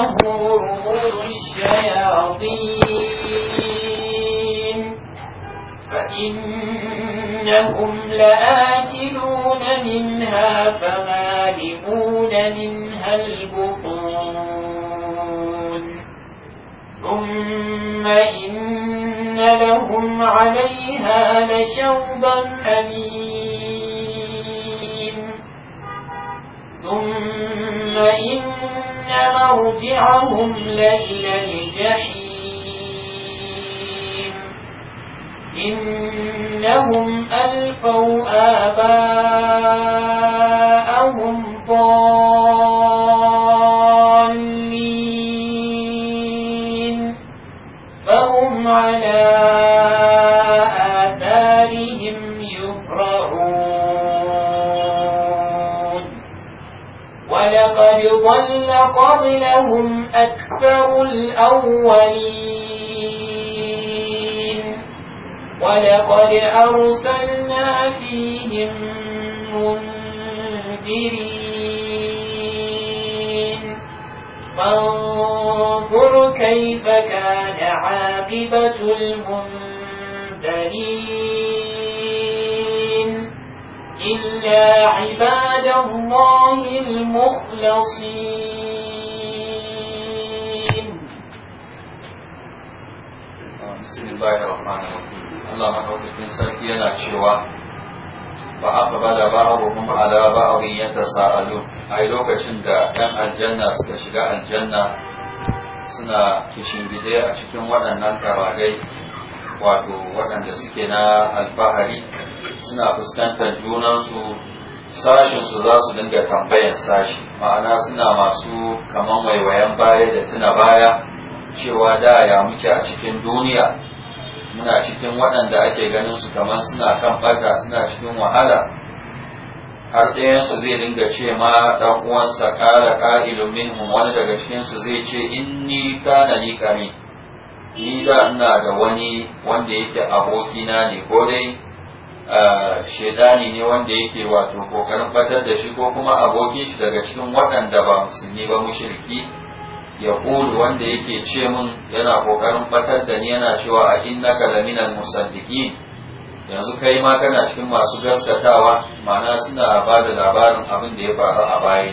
له أمور الشياطين فإنهم لآكلون منها فمالئون منها البطون ثم إن لهم عليها لشوبا حميم ثم إن مرجعهم ليل الجحيم إنهم ألقوا آباءهم ضالين قبلهم أكثر الأولين ولقد أرسلنا فيهم منذرين فانظر كيف كان عاقبة المنذرين إلا عباد الله المخلصين bismillahir rahmanir rahim Allah madaukakin sarki yana cewa ba aka bada ba'aruhum ala ba'arin yatasaalun ai lokacin da ɗan aljanna suka shiga aljanna suna kishingide a cikin waɗannan karagai wato waɗanda suke na alfahari suna fuskantar junansu sashinsu za su dinga tambayan sashi ma'ana suna masu kaman waiwayan baya da tuna baya cewa da ya muke a cikin duniya muna cikin waɗanda ake ganin su kamar suna kan ɓarka suna cikin wahala har ɗayansu zai dinga ce ma ɗan uwansa ƙara ƙa'ilun minhum wani daga cikinsu zai ce in ni ta na ni kami ni da ina da wani wanda yake abokina ne ko dai shedani ne wanda yake wato ƙoƙarin batar da shi ko kuma abokin shi daga cikin waɗanda ba musulmi ba mushriki ya wanda yake ce min yana ƙoƙarin batar da ni yana cewa a innaka laminan musaddiqin yanzu kai ma kana cikin masu gaskatawa ma'ana suna ba da labarin abin da ya faru a baya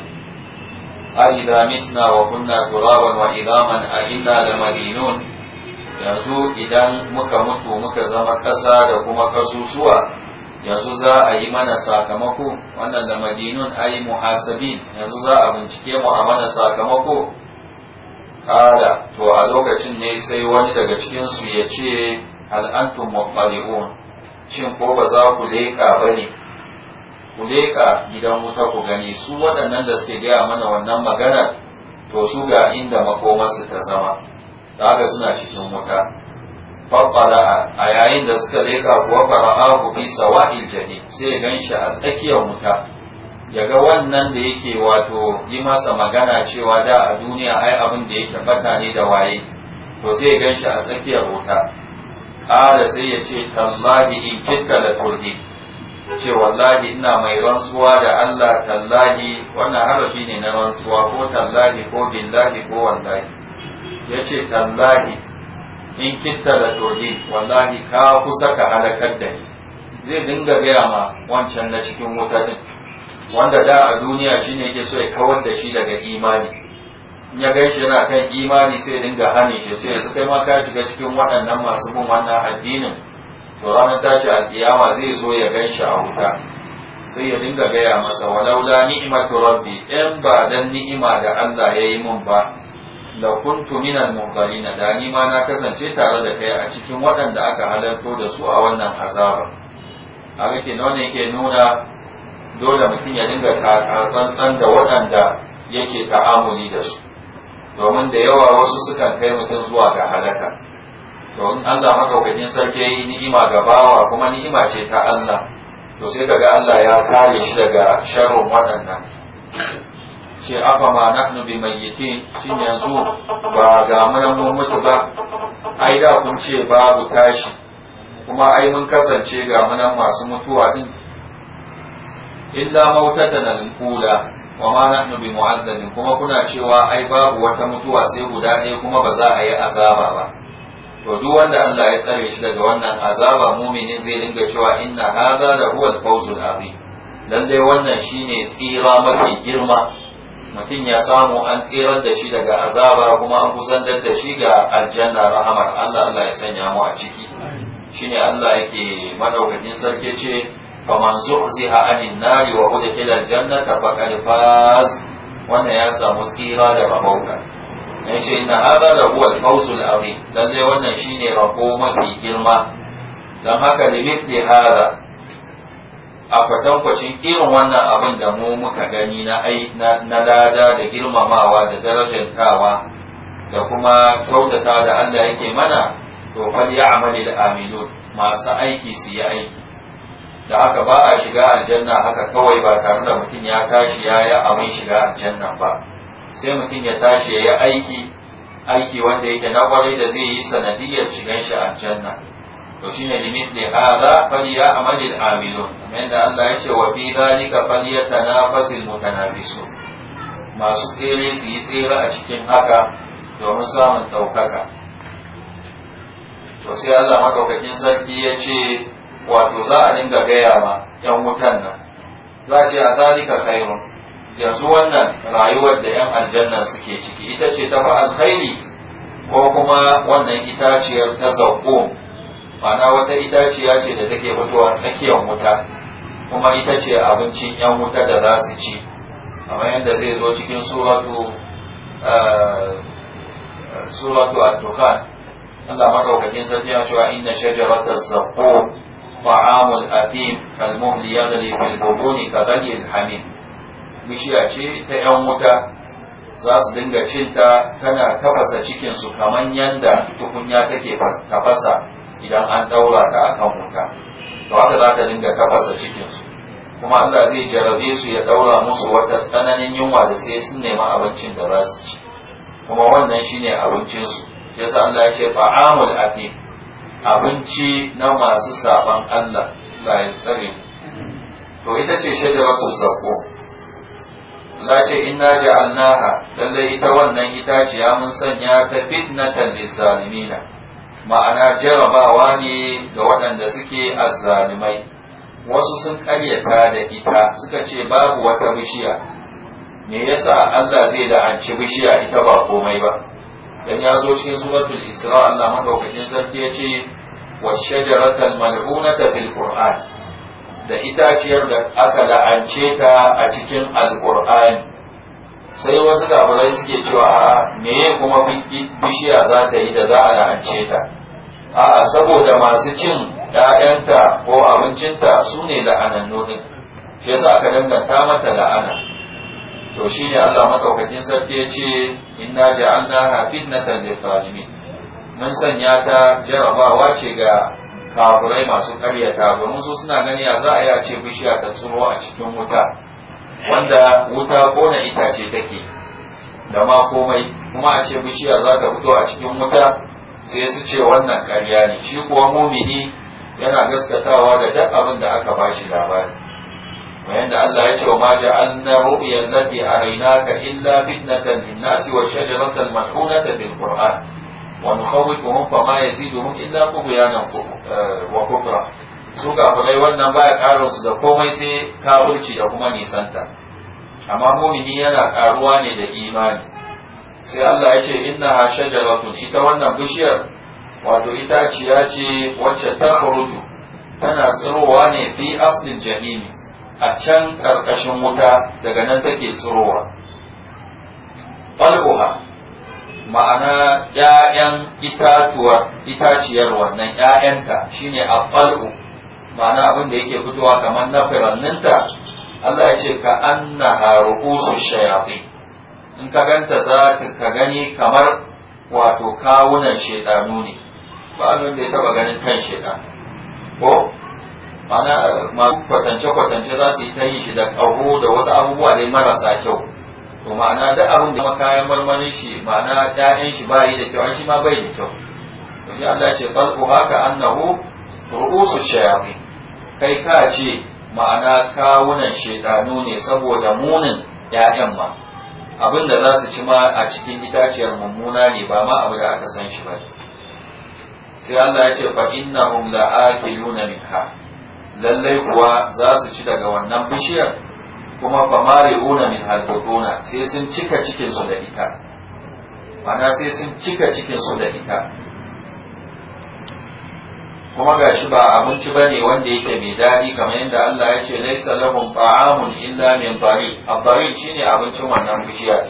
a idza mitna wa kunna turaban wa idaman a inna Madinun. yanzu idan muka mutu muka zama kasa da kuma kasusuwa yanzu za a yi mana sakamako wannan da Madinun ai muhasabin yanzu za a bincike mu a mana sakamako Kada to a lokacin ne sai wani daga cikinsu ya ce al'antum muqtali'un shin ko ba za ku leƙa ba ne ku leƙa gidan wuta ku gani su waɗannan da suke gaya mana wannan magana to su ga inda makomarsu ta zama daga suna cikin wuta faɓɓara a yayin da suka leƙa kuwa ku fi sawa'il jahim sai ya ganshi a tsakiyar wuta ya ga wannan da yake wato yi masa magana cewa da a duniya ai abin da yake bata ne da waye to sai gan shi a tsakiyar wuta ƙara sai ya ce tallahi in kitta da turdi ce wallahi ina mai rantsuwa da Allah tallahi wannan harafi ne na rantsuwa ko tallahi ko billahi ko wallahi ya ce tallahi in kitta da turdi wallahi ka kusa ka halakar da ni zai dinga gaya ma wancan na cikin wuta din wanda da a duniya shine yake so ya kawar da shi daga imani in ya gaishe yana kan imani sai dinga hane shi sai yanzu kai ma ka shiga cikin waɗannan masu bin wannan addinin to ranar tashi alƙiyama zai zo ya ganshi a wuta sai ya dinga gaya masa walaula ni'matu rabbi in ba dan ni'ima da Allah ya yi mun ba da kuntu minal munqarina da ni ma na kasance tare da kai a cikin waɗanda aka halarto da su a wannan azaba haka ke ne yake nuna dole mutum ya dinga tsantsan da waɗanda yake ta'amuli da su domin da yawa wasu sukan kai mutum zuwa ga halaka domin Allah makaukakin sarki ya yi ni'ima ga bawa kuma ni'ima ce ta Allah to sai kaga Allah ya kare shi daga sharrin waɗannan ce afa ma nahnu bi mayyitin shin yanzu ba ga mun mutu ba ai da kun ce babu tashi kuma ai mun kasance ga munan masu mutuwa din illa mautatan al-ula wa ma nahnu bi mu'azzabin kuma kuna cewa ai babu wata mutuwa sai guda ɗaya kuma ba za a yi azaba ba to duk wanda Allah ya tsare shi daga wannan azaba mumini zai dinga cewa inna hadha da huwa al-fawzul azim lalle wannan shine tsira mafi girma mutum ya samu an tsirar da shi daga azaba kuma an kusantar da shi ga aljanna rahamar Allah Allah ya sanya mu a ciki shine Allah yake madaukakin sarki ce faman zuhziha anin nari wa udkhila aljannata faqad faz wannan ya samu tsira da rabauka yace inna hadha la huwa al-fawz aure, azim lalle wannan shine rabo mafi girma dan haka limithli hadha a kwatankwacin irin wannan abin da mu muka gani na lada da girmamawa da darajantawa da kuma kyautata da Allah yake mana to fal ya'malu da amilun masu aiki su yi aiki da haka ba a shiga aljanna haka kawai ba tare da mutum ya tashi ya yi abin shiga aljanna ba sai mutum ya tashi ya yi aiki aiki wanda yake na kwarai da zai yi sanadiyar shigan shi aljanna to shine limit ne da fali ya amalil amilun amma yadda Allah ya ce wa fi dalika fali ya tanafasil mutanafisu masu tsere su yi tsere a cikin haka domin samun ɗaukaka to sai Allah madaukakin sarki ya ce wato za a dinga gaya ma yan wutan nan za a ce a zalika khairun yanzu wannan rayuwar da yan aljanna suke ciki ita ce ta fa alkhairi ko kuma wannan itaciyar ta zauko ma'ana wata itaciya ce da take fitowa tsakiyar wuta kuma ita ce abincin yan wuta da za su ci kamar yadda zai zo cikin suratu eh, suratu al-dukhan Allah madaukakin sarki ya cewa inna shajarata zaqqum طعام الأثيم كالمهل يغلي في البطون كغلي الحميم bishiya ce ta 'yan wuta za su dinga cinta tana tafasa cikinsu kamar yadda tukunya take tafasa idan an daura ta akan wuta to haka za dinga tafasa cikinsu kuma Allah zai jarabe su ya daura musu wata tsananin yunwa da sai sun nemi abincin da za su ci kuma wannan shine abincinsu yasa Allah ya ce fa'amul afim abinci na masu saban Allah layin tsari to ita ce shajaratun zako la ce inna ja'alnaha lalle ita wannan ya mun sanya ta fitnatan lisalimina ma'ana jarabawa ne ga waɗanda suke azzalimai wasu sun ƙaryata da ita suka ce babu wata bishiya me yasa Allah zai la'anci bishiya ita ba komai ba dan ya zo cikin suratul isra Allah madaukakin sarki yace ce wa shajaratal mal'unata fil qur'an da itaciyar da aka la'ance ta a cikin alqur'an sai wasu dabarai suke cewa a me kuma bishiya za ta yi da za a la'ance ta a'a saboda masu cin ‘ya'yanta ko abincinta su ne la'anannu ɗin shi yasa aka danganta mata la'ana to shi ne Allah madaukakin sarki yace inna ja'alnaha fitnatan lil zalimin mun sanya ta jarabawa ce ga kafurai masu karyata gurin su suna gani ya za a yi a ce bishiya ta tsiro a cikin wuta wanda wuta kona itace take da ma komai kuma a ce bishiya za ta fito a cikin wuta sai su ce wannan karya ne shi kuwa mumini yana gaskatawa da duk abin da aka bashi labari وعند الله يشاء وما جعلنا الرؤيا التي أريناك إلا فتنة للناس والشجرة الملعونة بالقرآن ونخوفهم فما illa إلا طغيانا وكفرا su kafirai wannan baya karin su da komai sai kafirci da kuma nisanta amma mumini yana karuwa ne da imani sai Allah ya ce inna ha shajaratun ita wannan bishiyar wato itaciya ce wacce ta tana tsirowa ne fi aslin jahimi a can ƙarƙashin wuta daga nan take tsirowa ɓal'uha ma'ana ‘ya'yan itaciyar wannan ‘ya'yanta shine a ɓal'u ma'ana abin da yake fitowa kamar na firanninta Allah ya ce ka an na harukusu shayafi in ka ganta za ka gani kamar wato kawunan shaidanu ne ba abin da ya taɓa ganin kan shaidan ko mana masu kwatance-kwatance za su yi ta yin shi da ƙaho da wasu abubuwa dai marasa kyau to ma'ana da abin da kayan marmarin shi ma'ana ɗayan shi bayi da kyau an shi ma bai da kyau to shi Allah ce qalqu haka annahu ru'usu shayafi kai ka ce ma'ana kawunan shaytanu ne saboda munin ƴaƴan ma abin da za su ci ma a cikin itaciyar mummuna ne ba ma abu da aka san shi ba sai Allah ya ce fa innahum la'akiluna minha lallai kuwa za su ci daga wannan bishiyar kuma ba mare una min halbutuna sai sun cika cikinsu da ita mana sai sun cika cikinsu da ita kuma ga shi ba abinci ba ne wanda yake mai daɗi kamar yadda Allah ya ce laisa baamun ta'amun illa min a bari shi shine abincin wannan bishiyar.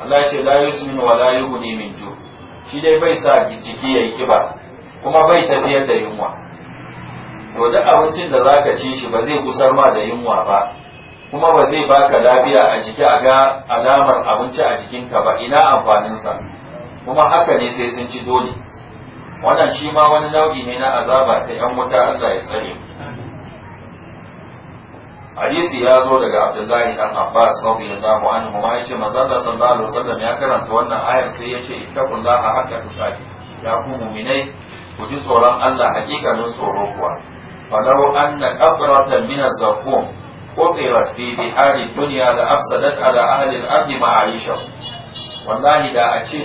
Allah ya ce su yusmin wa la ne min ju shi dai bai sa jiki yi kiba kuma bai tafiyar da yunwa to duk abincin da za ka ci shi ba zai kusar ma da yunwa ba kuma ba zai baka lafiya a jiki a ga alamar abinci a jikinka ba ina amfaninsa kuma haka ne sai sun ci dole wannan shi ma wani nau'i ne na azaba ta yan wuta Allah ya tsare hadisi ya zo daga abdullahi dan abbas radiyallahu anhu ma yace manzon Allah sallallahu alaihi wasallam ya karanta wannan ayar sai yace ittaqullaha haqqa tuqatih ya ku mu'minai ku ji tsoron Allah hakikanin tsoro kuwa فلو أن qabratan من الزقوم قطرت في بحار الدنيا لأفسدت على أهل الأرض ahli al-ard wallahi da a ce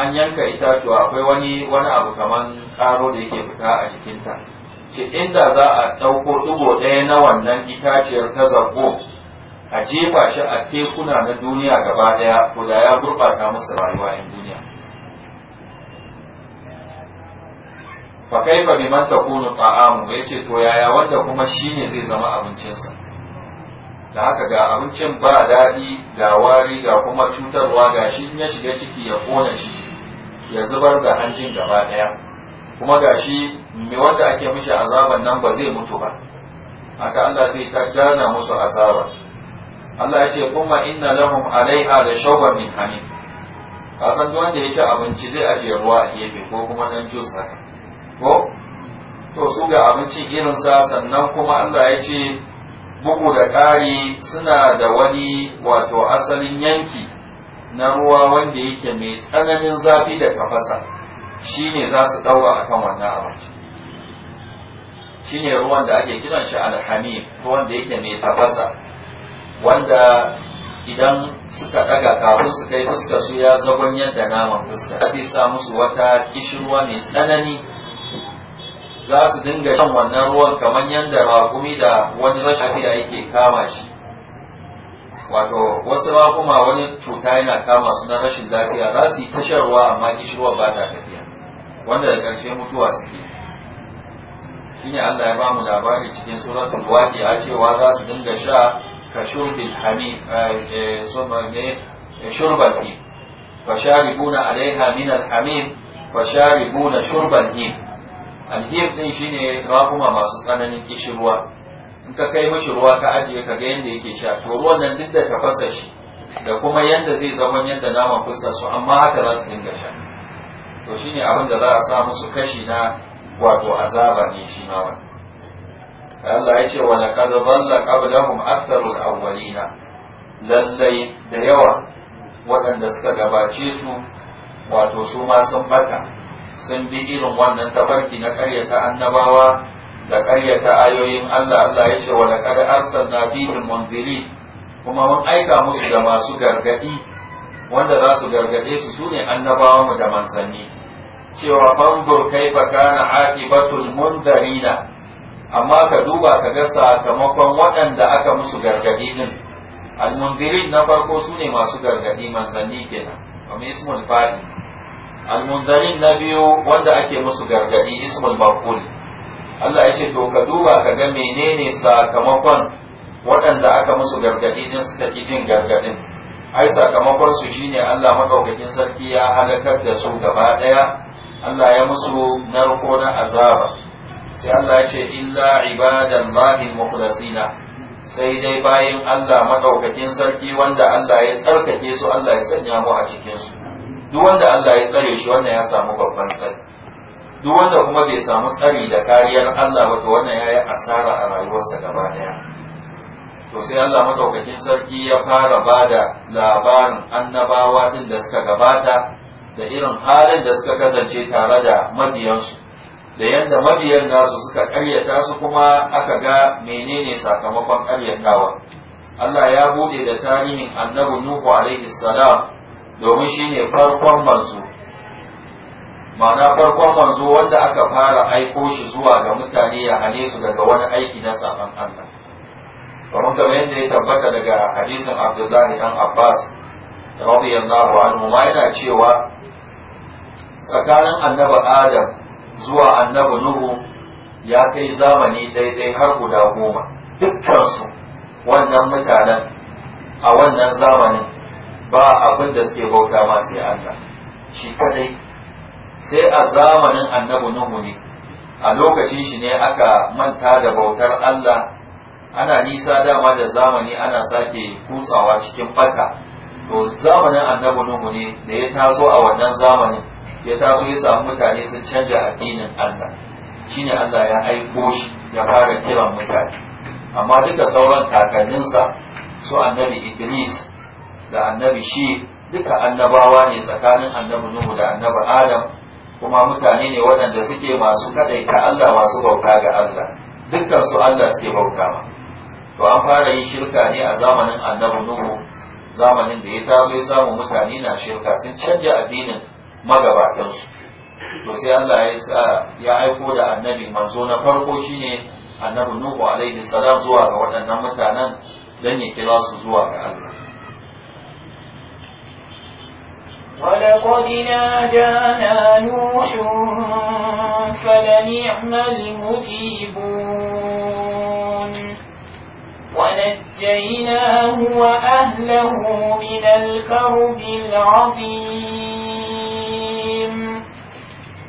an yanka itatuwa akwai wani wani abu kaman karo da yake fita a jikinta ce inda za a ɗauko ɗigo ɗaya na wannan itaciyar ta zaɓo a jefa shi a tekuna na duniya gaba ɗaya to da ya gurɓata musu rayuwa 'yan duniya fa kaifa man takunu ta'amu yace to yaya wanda kuma shine zai zama abincinsa da haka ga abincin ba daɗi ga wari ga kuma cutarwa ga shi ya shiga ciki ya kona shi ya zubar da hanjin gaba ɗaya kuma ga shi wanda ake mishi azaban nan ba zai mutu ba haka Allah zai kaddana musu azaba Allah ya ce kuma inna lahum alaiha da shawban min hamim kasan duk wanda ya ci abinci zai ajiye ruwa a gefe ko kuma dan jus haka ko to su ga abinci irinsa sannan kuma Allah ya ce bugu da ƙari suna da wani wato asalin yanki na ruwa wanda yake mai tsananin zafi da kafasa shi ne za su ɗaura a kan wannan abinci shi ne ruwan da ake kiran shi alhamir ruwan da yake mai tafasa wanda idan suka ɗaga kafin su kai fuska su ya zagon yadda naman fuska sai sa musu wata ruwa mai tsanani za su dinga shan wannan ruwan kamar yadda raƙumi da wani rashin hafiya yake kama shi wato wasu raƙuma wani cuta yana kama su na rashin lafiya za su yi tashar ruwa amma kishirwa ba ta tafiya wanda da ƙarshe mutuwa suke shine Allah ya ba mu labari cikin suratul a cewa za su dinga sha ka hami hamid eh, eh, summa ne eh, shurbal him fasharibuna alaiha min alhamim fasharibuna alhir din shine raguma masu tsananin kishirwa in ka kai mashi ruwa ka ajiye ka ga yadda yake sha to ruwan nan duk da ta fasa shi da kuma yadda zai zama yadda naman fuskar su amma haka za su dinga sha to shine abin da za a sa musu kashi na wato azaba ne shi ma wannan Allah ya ce wa laqad dhalla qablahum aktharul awwalina lallai da yawa waɗanda suka gabace su wato su ma sun bata sun bi irin wannan tafarki na karyata annabawa da karyata ayoyin Allah Allah ya ce wa laqad na fihim munzirin kuma mun aika musu da masu gargadi wanda za su gargade su sune annabawa mu da manzanni cewa fanzur ba kana aqibatul na, amma ka duba ka ga sakamakon waɗanda aka musu gargadi din al na farko sune masu gargadi manzanni kenan kuma ismul fa'il almunzarin na biyu wanda ake musu gargadi ismul maqul Allah ya ce to ka duba ka ga menene sakamakon waɗanda aka musu gargadi din suka ki jin gargadin ai sakamakon su shine Allah madaukakin sarki ya halakar da su gaba daya Allah ya musu narko na azaba sai Allah ya ce illa ibadallahi mukhlasina sai dai bayin Allah madaukakin sarki wanda Allah ya tsarkake su Allah ya sanya mu a cikin su duk wanda Allah ya tsare shi wannan ya samu babban tsari duk wanda kuma bai samu tsari da kariyar Allah ba to wannan yayi asara a rayuwarsa gaba daya to sai Allah madaukakin sarki ya fara bada labarin annabawa din da suka gabata da irin halin da suka kasance tare da mabiyansu da yadda mabiyan nasu suka karyata su kuma aka ga menene sakamakon karyatawa Allah ya bude da tarihin annabi Nuhu alaihi salam domin shi ne farkon manzo ma'ana farkon manzo wanda aka fara aiko shi zuwa ga mutane ya hane su daga wani aiki na saman Allah Kamar kamar yadda ya tabbata daga hadisin Abdullahi dan Abbas radiyallahu anhu ma yana cewa tsakanin annabi Adam zuwa annabi Nuhu ya kai zamani daidai har guda goma dukkansu wannan mutanen a wannan zamanin ba abin da suke bauta ma sai Allah shi kadai sai a zamanin annabi Nuhu ne a lokacin shi ne aka manta da bautar Allah ana nisa dama da zamani ana sake kutsawa cikin baka to zamanin annabi Nuhu ne da ya taso a wannan zamanin ya taso ya samu mutane sun canja addinin Allah shine Allah ya aiko shi ya fara kiran mutane amma duka sauran kakanninsa su annabi idris da annabi shi duka annabawa ne tsakanin annabi nuhu da annabi adam kuma mutane ne waɗanda suke masu ta Allah masu bauta ga Allah dukkan su Allah suke bauta ma to an fara yin shirka ne a zamanin annabi nuhu zamanin da ya taso ya samu mutane na shirka sun canja addinin magabatansu to sai Allah ya sa ya aiko da annabi manzo na farko shine annabi nuhu alaihi salam zuwa ga waɗannan mutanen dan ya kira su zuwa ga Allah ولقد نادانا نوح فلنعم المجيبون ونجيناه وأهله من الكرب العظيم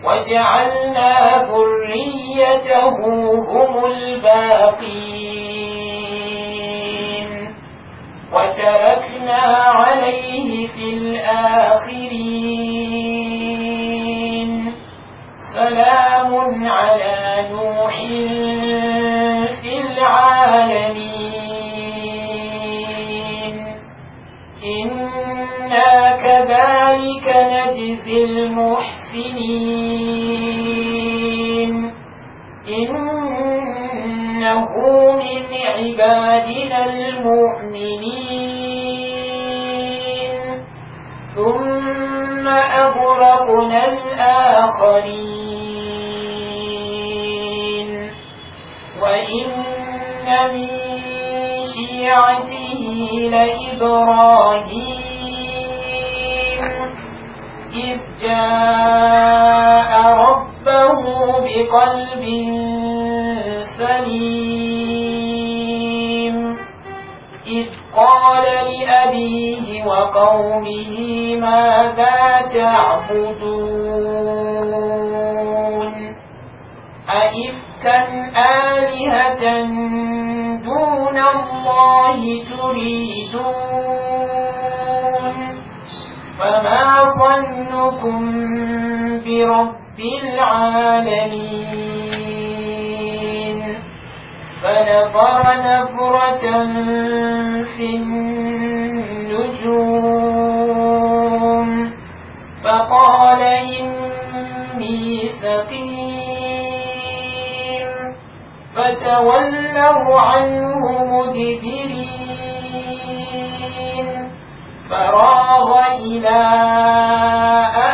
وجعلنا ذريته هم الباقين وتركنا عليه في الآخرين سلام على نوح في العالمين إنا كذلك نجزي المحسنين إنه من عبادنا المؤمنين ثم أغرقنا الآخرين وإن من شيعته لإبراهيم إذ جاء ربه بقلب سليم إذ قال لأبيه وقومه ماذا تعبدون أئفكا آلهة دون الله تريدون فما ظنكم برب العالمين فنظر نظرة في النجوم فقال إني سقيم فتولوا عنه مدبرين فراغ إلى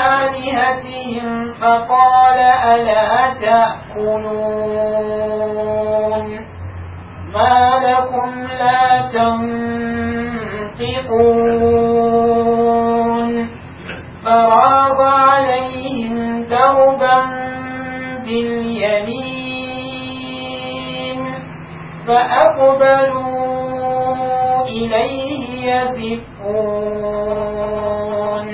آلهتهم فقال ألا تأكلون ما لكم لا تنطقون فراغ عليهم دربا باليمين فأقبلوا إليه يذفون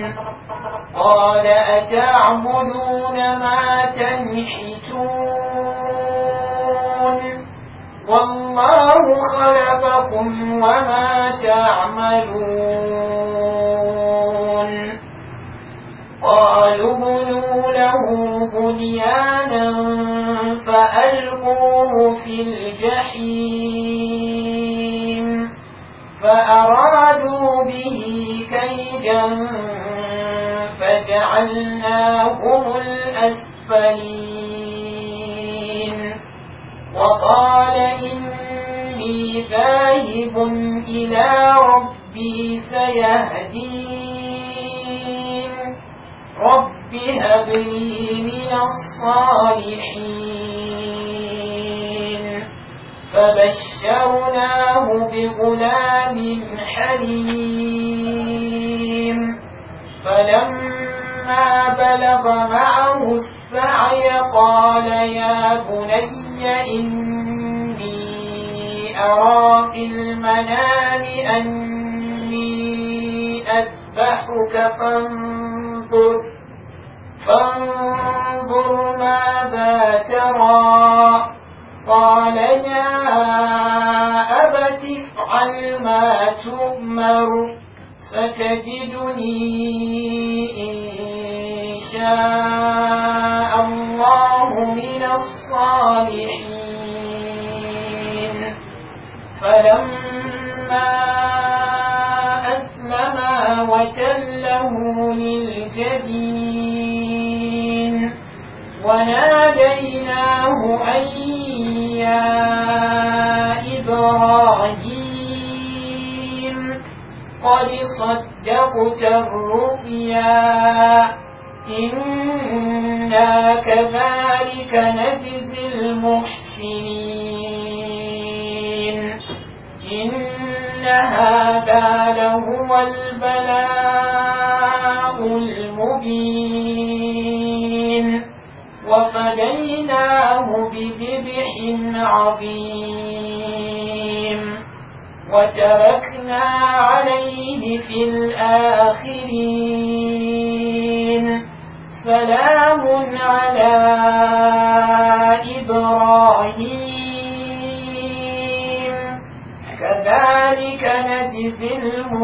قال أتعبدون ما تنحتون والله خلقكم وما تعملون قالوا بنوا له بنيانا فألقوه في الجحيم فأرادوا به كيدا فجعلناهم الأسفلين وقال إني ذاهب إلى ربي سيهدين رب هب لي من الصالحين فبشرناه بغلام حليم فلما بلغ معه السعي قال يا بني ربي إني أرى في المنام أني أذبحك فانظر فانظر ماذا ترى قال يا أبت افعل ما تؤمر ستجدني إن شاء الله من الصالحين فلما أسلما وتله للجبين وناديناه أن يا إبراهيم قد صدقت الرؤيا إنا كذلك نجزي المحسنين إن هذا لهو البلاء المبين وفديناه بذبح عظيم وتركنا عليه في الآخرين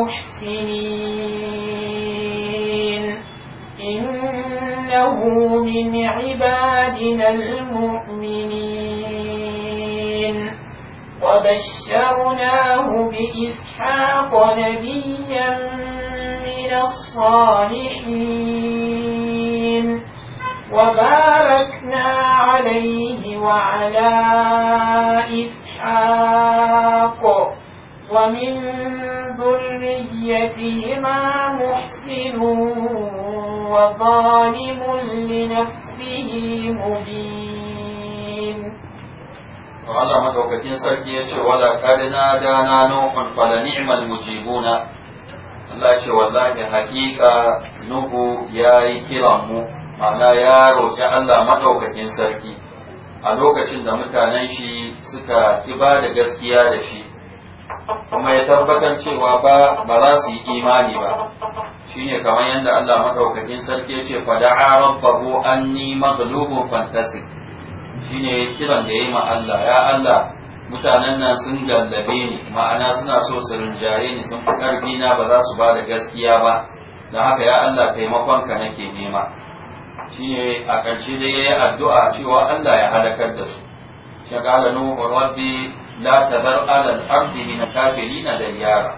المحسنين إنه من عبادنا المؤمنين وبشرناه بإسحاق نبيا من الصالحين وباركنا عليه وعلى إسحاق ومن ذريتهما محسن وظالم لنفسه مبين Allah madaukakin sarki ya ce wala kadina da na nufin fala ni'mal mujibuna Allah ce wallahi hakika nuhu ya yi kiran mu ma'ana ya roƙi Allah madaukakin sarki a lokacin da mutanen shi suka ki ba da gaskiya da shi kuma ya tabbatar cewa ba ba za su yi imani ba shine kamar yadda Allah madaukakin sarki ce fa da'a rabbahu anni maghlubu fantasib shine kiran da yayi ma Allah ya Allah mutanen nan sun gallabe ni ma'ana suna so su rinjaye ni sun fi na ba za su ba da gaskiya ba don haka ya Allah taimakon ka nake nema shine a ƙarshe dai yayi addu'a cewa Allah ya halakar da su shaqala nuhu rabbi la tazar alal ardi min kafirina da yara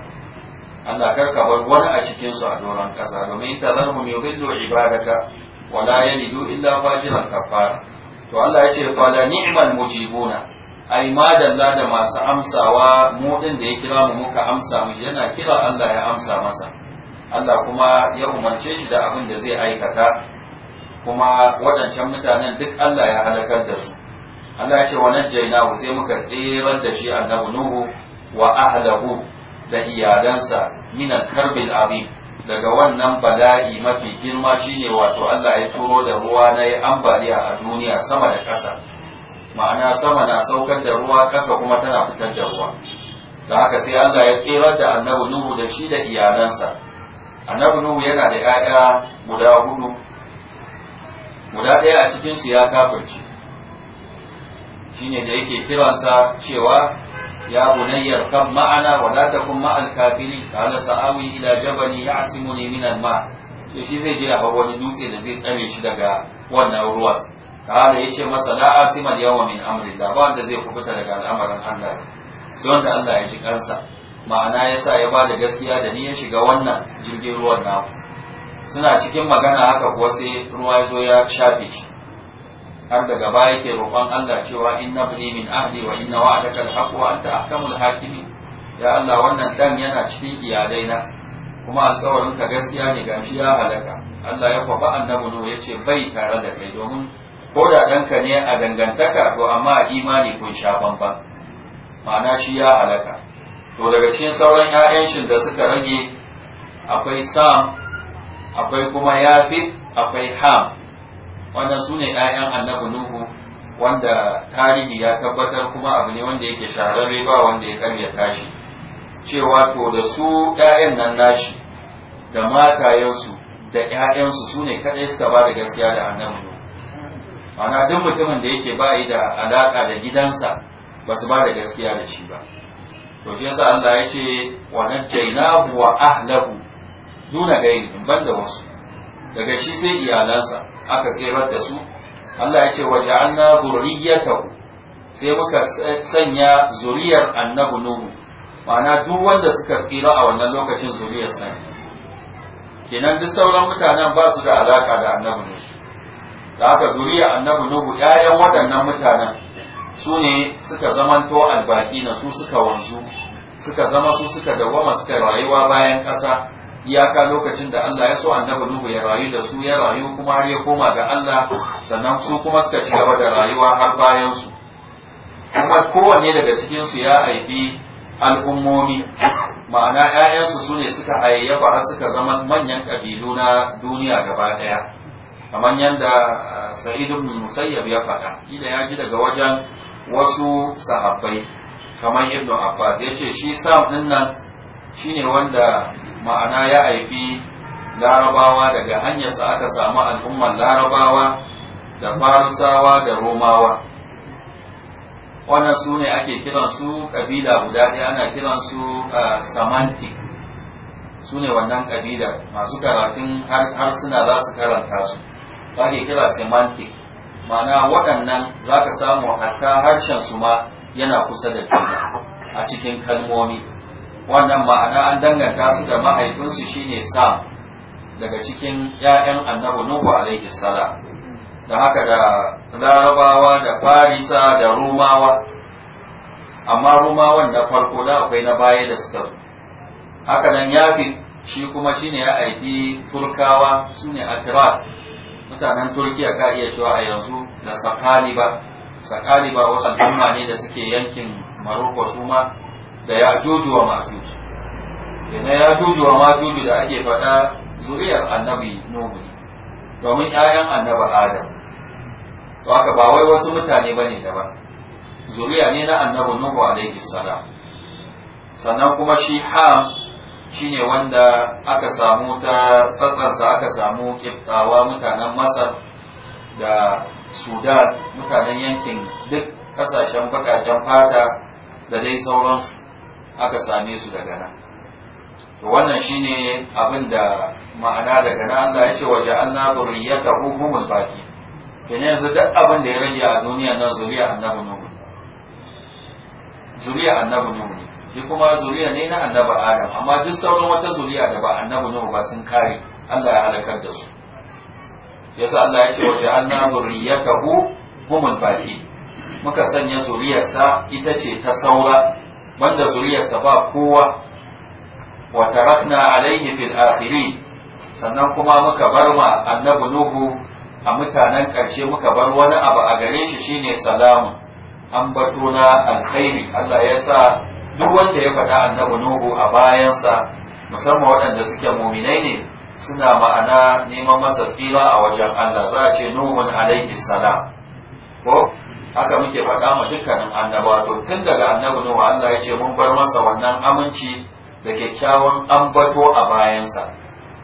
Allah kar ka bar wani a cikin su a doron ƙasa domin tazarhum yudillu ibadaka wa la yalidu illa fajiran kafara to Allah ya ce fala ni'mal mujibuna ai madalla da masu amsawa mu din da ya kira mu muka amsa mu yana kira Allah ya amsa masa Allah kuma ya umarce shi da abin da zai aikata kuma waɗancan mutanen duk Allah ya halakar da su Allah ya ce wa wa sai muka tserar da shi annabi nuhu wa ahlahu da iyalansa min karbil abin daga wannan bala'i mafi girma shine wato Allah ya turo da ruwa na yi ambaliya a duniya sama da ƙasa ma'ana sama na saukar da ruwa ƙasa kuma tana fitar da ruwa da haka sai Allah ya tserar da annabi nuhu da shi da iyalansa annabi nuhu yana da 'ya'ya guda hudu guda ɗaya a cikin su ya kafirce shine da yake kiransa cewa ya bunayyar kan ma'ana wa la takun ma'al kafiri qala sa'awi ila jabali ya'simuni min al-ma to shi zai je ba wani dutse da zai tsare shi daga wannan ruwa ya yace masa la asima al-yawma min amri da ba wanda zai kubuta daga al'amarin Allah sai wanda Allah ya ji kansa ma'ana yasa ya ba da gaskiya da ni ya shiga wannan jirgin ruwan na suna cikin magana haka kuwa sai ruwa ya zo ya shafe shi har daga baya yake roƙon Allah cewa inna bani min ahli wa inna wa'adaka al-haq wa anta ahkamul hakimin ya Allah wannan dan yana cikin iyalaina kuma alƙawarin ka gaskiya ne gashi ya halaka Allah ya kwaba annabi no yace bai tare da kai domin ko da danka ne a dangantaka to amma imani kun sha bamban ma'ana shi ya halaka to daga cikin sauran 'ya'yan shin da suka rage akwai sam akwai kuma yafit akwai ham wannan su ne 'ya'yan annabi nuhu wanda tarihi ya tabbatar kuma abu ne wanda yake shahararre ba wanda ya karya tashi cewa to da su 'ya'yan nan nashi da matayensu da 'ya'yansu su ne kaɗai suka ba da gaskiya da annabi nuhu ana duk mutumin da yake bayi da alaƙa da gidansa ba su ba da gaskiya da shi ba to shi yasa Allah ya ce wa najjaynahu wa ahlahu duna gairi ban da wasu daga shi sai iyalansa aka tserar da su Allah ya ce wa ja'alna zuriyyatahu sai muka sanya zuriyar annabi nuhu ma'ana duk wanda suka tsira a wannan lokacin zuriyar sa kenan duk sauran mutanen ba su da alaka da annabi nuhu da haka zuriyar annabi nuhu ƴaƴan waɗannan mutanen su ne suka zamanto albaki na su suka wanzu suka zama su suka dawama suka rayuwa bayan ƙasa iyaka lokacin da Allah ya so annabi Nuhu ya rayu da su ya rayu kuma har ya koma ga Allah sannan su kuma suka ci gaba da rayuwa har bayan su kuma kowanne daga cikin su ya aibi al'ummomi ma'ana 'ya'yansu su ne suka hayayyafa har suka zama manyan kabilu na duniya gaba ɗaya kamar yadda ah, sa'id ibn musayyab ya faɗa kila ya ji daga wajen wasu sahabbai kamar ibn abbas ya ce shi sam nan shine wanda ma'ana ya haifi larabawa daga hanyarsa aka samu al'ummar larabawa da farisawa da romawa wannan su ne ake kiransu kabila guda ɗaya ana kiransu samantic su ne wannan kabila masu karatun harsuna za su karanta su ake kira semantic ma'ana waɗannan za ka samu hatta harshen su ma yana kusa da juna a cikin kalmomi wannan ma'ana an danganta su da mahaifinsu shine sa daga cikin 'ya'yan annabu nuhu alaihi salam da haka da larabawa da farisa da rumawa amma rumawan na farko da akwai na baya da suka zo haka nan yafi shi kuma shine ya aiki turkawa su ne mutanen turkiya ka iya cewa a yanzu da sakaliba ba wasu al'umma ne da suke yankin maroko su ma da ya joju wa majuju yana ya joju wa majuju da ake faɗa zuriyar annabi nuhu domin 'ya'yan annabi adam to aka ba wai wasu mutane bane daban zuriya ne na annabi nuhu alaihi salam sannan kuma shi ham shine wanda aka samu ta tsatsarsa aka samu kiftawa mutanen masar da sudan mutanen yankin duk kasashen baƙaƙen fata da dai sauransu aka same su daga nan to wannan shine abin da ma'ana daga nan Allah ya ce waje ya buriyata hukumul baki kenan yanzu duk abin da ya rage a duniya nan zuriya annabi nuhu zuriya annabi nuhu ne shi kuma zuriya ne na annabi adam amma duk sauran wata zuriya da ba annabi nuhu ba sun kare Allah ya halakar da su yasa Allah ya ce waje ya buriyata hukumul baki muka sanya zuriyarsa ita ce ta saura banda zuriyarsa ba kowa wa tarakna alaihi fil akhirin sannan kuma muka bar ma annabi nuhu a mutanen ƙarshe muka bar wani abu a gare shi shine salamu an bato na alkhairi Allah ya sa duk wanda ya faɗa annabi nuhu a bayansa musamman waɗanda suke muminai ne suna ma'ana neman masa tsira a wajen Allah za a ce nuhun alaihi salam ko haka muke faɗa ma dukkanin annabawa to tun daga annabi Nuhu Allah ya ce mun bar masa wannan aminci da kyakkyawan ambato a bayansa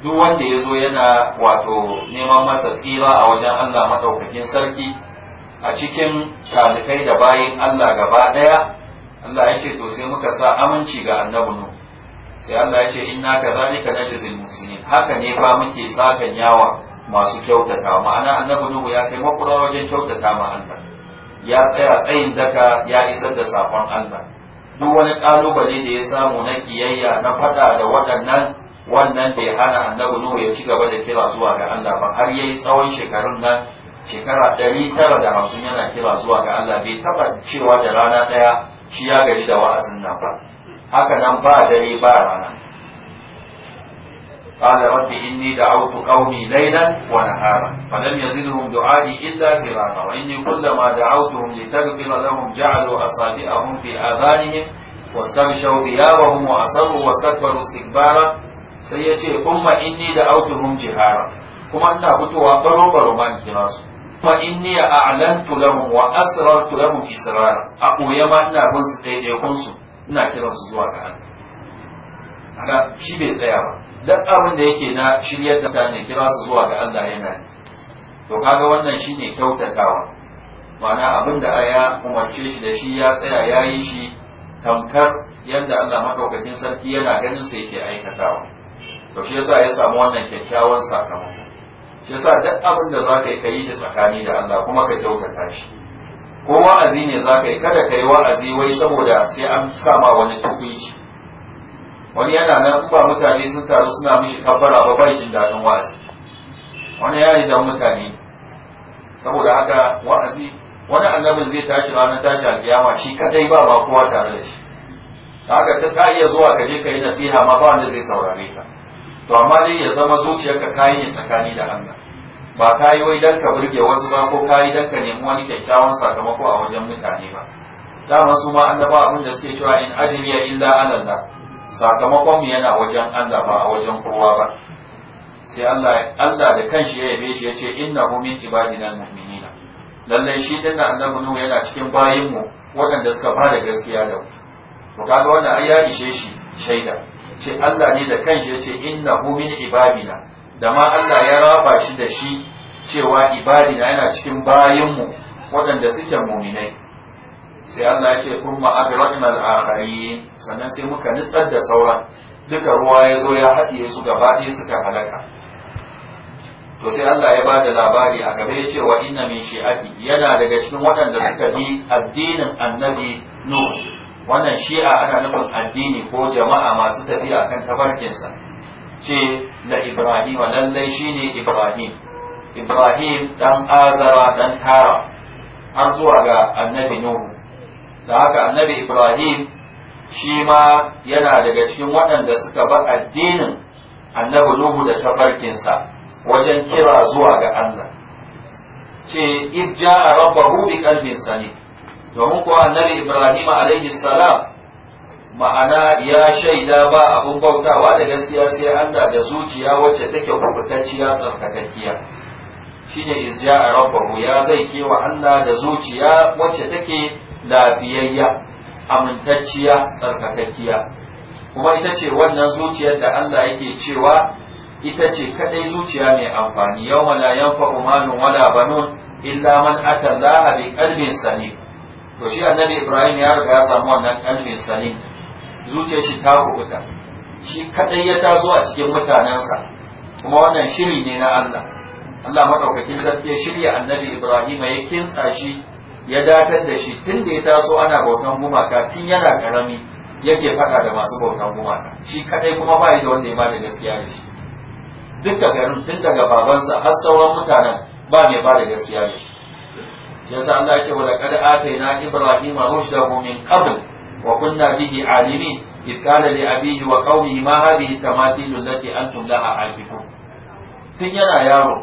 duk wanda ya zo yana wato neman masa tsira a wajen Allah maɗaukakin sarki a cikin talikai da bayin Allah gaba ɗaya Allah ya ce to sai muka sa aminci ga annabi Nuhu sai Allah ya ce inna na najzil muslimin haka ne fa muke sa yawa masu kyautata ma'ana annabi Nuhu ya kai makura wajen kyautata ma Allah ya tsaya tsayin daka ya isar da safon Allah duk wani ƙalubale da ya samu na kiyayya na faɗa da waɗannan wannan bai hana annabi Nuhu ya ci gaba da kira zuwa ga Allah ba har yayi tsawon shekarun nan shekara ɗari tara da hamsin yana kira zuwa ga Allah bai taɓa cewa da rana ɗaya shi ya gaji da wa'azin nan ba haka nan ba dare ba rana قال رب إني دعوت قومي ليلا ونهارا فلم يزدهم دعائي إلا فرارا وإني كلما دعوتهم لتغفر لهم جعلوا أصابعهم في آذانهم واستغشوا ثيابهم وأصروا واستكبروا استكبارا سيأتي ثم إني دعوتهم جهارا كما أن أبتوا برو برو من كناس فإني أعلنت لهم وأسررت لهم إسرارا أقوى ما أن أبنس تيدي كنسو أن كنسو زواك عنه هذا شيء بيزايا duk abin da yake na shiryar da mutane kira su zuwa ga Allah yana ne to kaga wannan shine kyautatawa ma'ana abin da aya umarce shi da shi ya tsaya ya yi shi tamkar yadda Allah madaukakin sarki yana ganin sa yake aikatawa to shi yasa ya samu wannan kyakkyawan sakamako shi yasa duk abin da za ka yi ka shi tsakani da Allah kuma ka kyautata shi ko wa'azi ne za ka yi kada ka yi wa'azi wai saboda sai an sa ma wani tukunci wani yana nan ba mutane sun taru suna mishi kabbara ba bai jin daɗin wa'azi wani ya yi dan mutane saboda haka wa'azi wani annabin zai tashi ranar tashi alkiyama shi kadai ba ba kowa tare da shi haka ta ka iya zuwa ka je ka yi nasiha ma ba wanda zai saurare ka to amma dai ya zama zuciyarka ka yi tsakani da Allah ba ka yi wai dan ka burge wasu ba ko ka yi dan ka nemi wani kyakkyawan sakamako a wajen mutane ba dama su ma annaba abin da suke cewa in ajriya illa ala Allah sakamakon mu yana wajen Allah ba a wajen kowa ba sai Allah Allah da kanshi ya yabe shi yace hu min ibadina mu'minina lalle shi din da Allah Nuhu yana cikin bayin mu waɗanda suka bada gaskiya da to kaga wannan ai ya ishe shi shaida ce Allah ne da kanshi yace hu min ibadina da ma Allah ya raba shi da shi cewa ibadina yana cikin bayin mu waɗanda suke mu'minai sai Allah ya ce kuma al akharin sannan sai muka nitsar da sauran duka ruwa ya zo ya haɗiye su gaba ɗaya suka halaka to sai Allah ya bada labari a gaba ya ce wa inna min shi'ati yana daga cikin waɗanda suka bi addinin annabi nuh wannan shi'a ana nufin addini ko jama'a masu tafiya kan tabarkinsa ce la ibrahim lallai shine ibrahim ibrahim dan azara dan tara har zuwa ga annabi nuh da haka annabi ibrahim shi ma yana daga cikin waɗanda suka bar addinin annabi nuhu da tafarkinsa wajen kira zuwa ga allah ce idja a rabbahu bi kalbin sani domin kuwa annabi ibrahim alaihi salam ma'ana ya shaida ba abun bautawa da gaskiya sai allah da zuciya wacce take kubutacciya tsarkakakkiya shine izja a rabbahu ya zai kewa allah da zuciya wacce take lafiyayya amintacciya tsarkakakkiya kuma ita ce wannan zuciyar da Allah yake cewa ita ce kadai zuciya mai amfani yau la yanfa'u wala banun illa man ata Allah bi qalbin salim to shi annabi Ibrahim ya riga ya samu wannan qalbin salim zuciyar shi ta kubuta shi kadai ya taso a cikin mutanensa kuma wannan shiri ne na Allah Allah madaukakin sarki ya shirya annabi Ibrahim ya kintsa shi ya datar da shi tun da ya taso ana bautan gumaka tun yana karami yake faɗa da masu bautan gumaka shi kadai kuma ba da wanda ya ba da gaskiya da shi duk da garin tun daga babansa har sauran mutanen ba mai ba da gaskiya da shi shi yasa Allah ya ce wa laqad atayna ibrahima rushdahu min qabl wa kunna bihi alimin li قال wa وقومه ma hadhihi التماثيل التي antum laha عاكفون tun yana yaro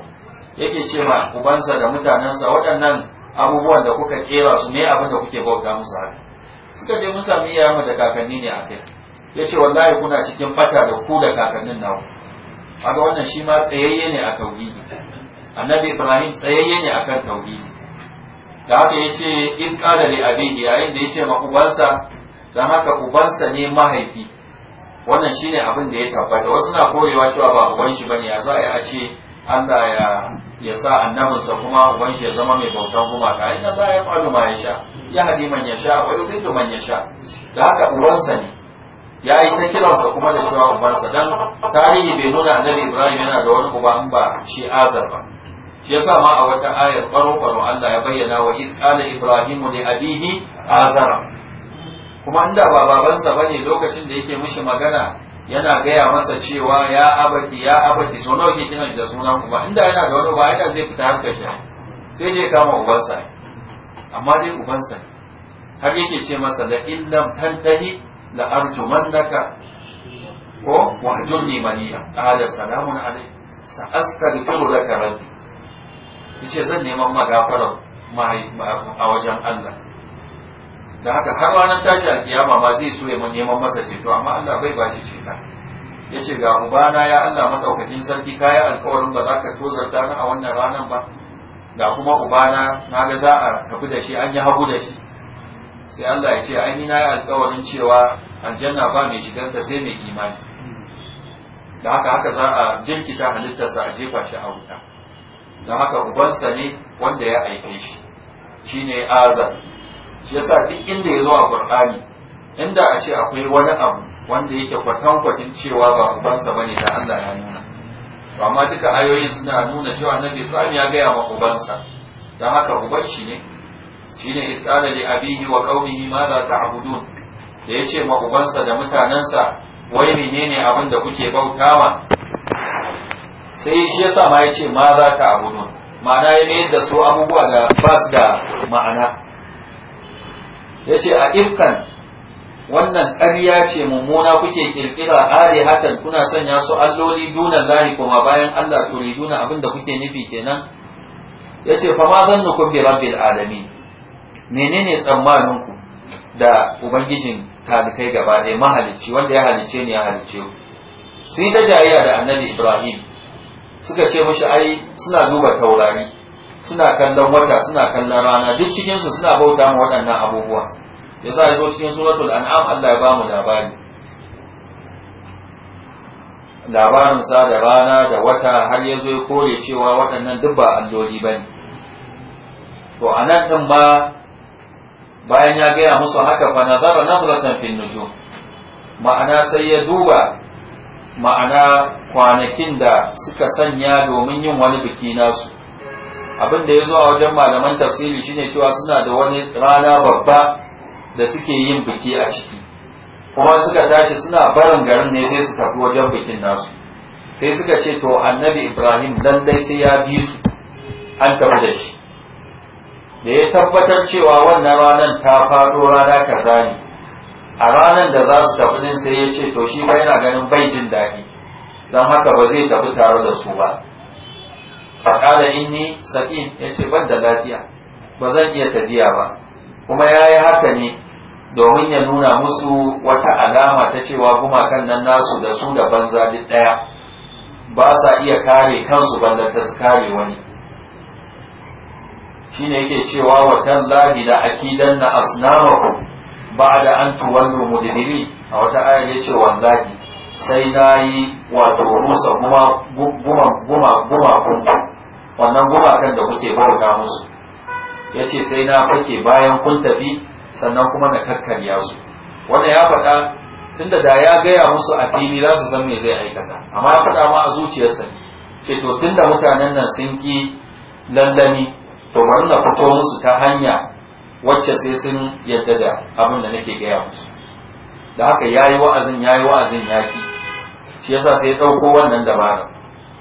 yake ce ma ubansa da mutanensa waɗannan abubuwan da kuka kera su ne abin da kuke bauta musu haka suka ce mun sami mu da kakanni ne a kai ya ce wallahi kuna cikin bata da ku da kakannin naku kaga wannan shi ma tsayayye ne a tauhidi annabi ibrahim tsayayye ne akan tauhidi da haka ya ce in kada li abihi yayin da ya ce ma ubansa dan haka ubansa ne mahaifi wannan shine abin da ya tabbata wasu na korewa cewa ba uban shi bane ya za a yi a ce Allah ya ya sa annabinsa kuma uban shi ya zama mai bautan gumaka za a ya fa'alu ma ya hadi man yasha wa da man sha. da haka uwansa ne ya yi ta kiransa kuma da cewa ubansa dan tarihi bai nuna annabi Ibrahim yana da wani uba in ba shi Azar ba shi yasa ma a wata ayar ƙwaro ƙwaro Allah ya bayyana wa id qala ibrahimu li abihi azara kuma inda ba babansa bane lokacin da yake mishi magana yana gaya masa cewa ya abaki ya abaki sau nawa ke kina shi da ku ba inda yana da wani ba yana zai fita harkar shi sai dai kama ubansa amma dai ubansa har yake ce masa da illam tantahi la arjumannaka ko wa wahjurni maniya ala salamun alai sa astaghfiru laka rabbi yace zan neman magafarar a wajen Allah da haka har ranar tashi kiyama ma zai so ya neman masa ceto amma Allah bai ba shi ceta ya ce ga ubana ya Allah madaukakin sarki kayan alkawarin ba za ka tozarta ni a wannan ranar ba ga kuma ubana na ga za a tafi da shi an yi hagu da shi sai Allah ya ce ai yi na yi alkawarin cewa aljanna ba mai shigar ta sai mai imani da haka haka za a jinkita halittarsa a jefa shi a wuta da haka ubansa ne wanda ya aike shi shine azar shi yasa duk inda ya zo a qur'ani inda a ce akwai wani abu wanda yake kwatin cewa ba ubansa bane da Allah ya nuna to amma duka ayoyi suna nuna cewa annabi Ibrahim ya gaya ma ubansa dan haka uban shi ne shine iqala li abihi wa qaumihi ma za ta'budun da yace ma ubansa da mutanansa wai menene abin da kuke bautawa sai shi yasa ma yace ma za ta'budun ma'ana ya mayar da su abubuwa da ba su da ma'ana Ya ce a ifkan wannan ƙarya ce mummuna kuke ƙirƙira are hakan kuna sanya su alloli dunan lahi kuma bayan Allah turiduna abin da kuke nufi kenan Ya ce fa ma zannukum bi rabbil alamin menene tsammanin ku da ubangijin talikai gaba ɗaya mahalicci wanda ya halicce ne ya halicce ku sun yi ta da annabi ibrahim suka ce mashi ai suna duba taurari suna kallon wata suna kallon rana duk cikinsu suna bauta ma waɗannan abubuwa yasa ya zo cikin suratul an'am Allah ya ba mu labari labarin sa da rana da wata har ya zo ya kore cewa waɗannan duk ba alloli ba ne to a nan ɗin ba bayan ya gaya musu haka fa nazara nazratan fil nujum ma'ana sai ya duba ma'ana kwanakin da suka sanya domin yin wani biki nasu abin da ya zo a wajen malaman tafsiri shine cewa suna da wani rana babba da suke yin biki a ciki kuma suka tashi suna barin garin ne sai su tafi wajen bikin nasu sai suka ce to annabi ibrahim lallai sai ya bi su an tafi da shi da ya tabbatar cewa wannan ranar ta faɗo rana kaza ne a ranar da za su tafi din sai ya ce to shi ba yana ganin bai jin daɗi don haka ba zai tafi tare da su ba da inni sakin ya ce ban da lafiya ba zan iya tafiya ba kuma ya yi haka ne domin ya nuna musu wata alama ta cewa gumakan nan nasu da su da banza duk ɗaya ba sa iya kare kansu ta su kare wani Shi ne yake cewa watan ladi da akidan na asnamakum da an tuwallu mudbiri a wata aya ce wallahi sai nayi wato rusa guma guma guma guma wannan gumakan da kuke bauta musu ya ce sai na fake bayan kun tafi sannan kuma na kakkarya su wanda ya faɗa tunda da ya gaya musu a fili za su san me zai aikata amma ya faɗa ma a zuciyarsa ce to tunda mutanen nan sun ki lallani to bari na fito musu ta hanya wacce sai sun yadda da abin da nake gaya musu da haka ya yi wa'azin ya yi wa'azin ya ki shi yasa sai ya ɗauko wannan dabara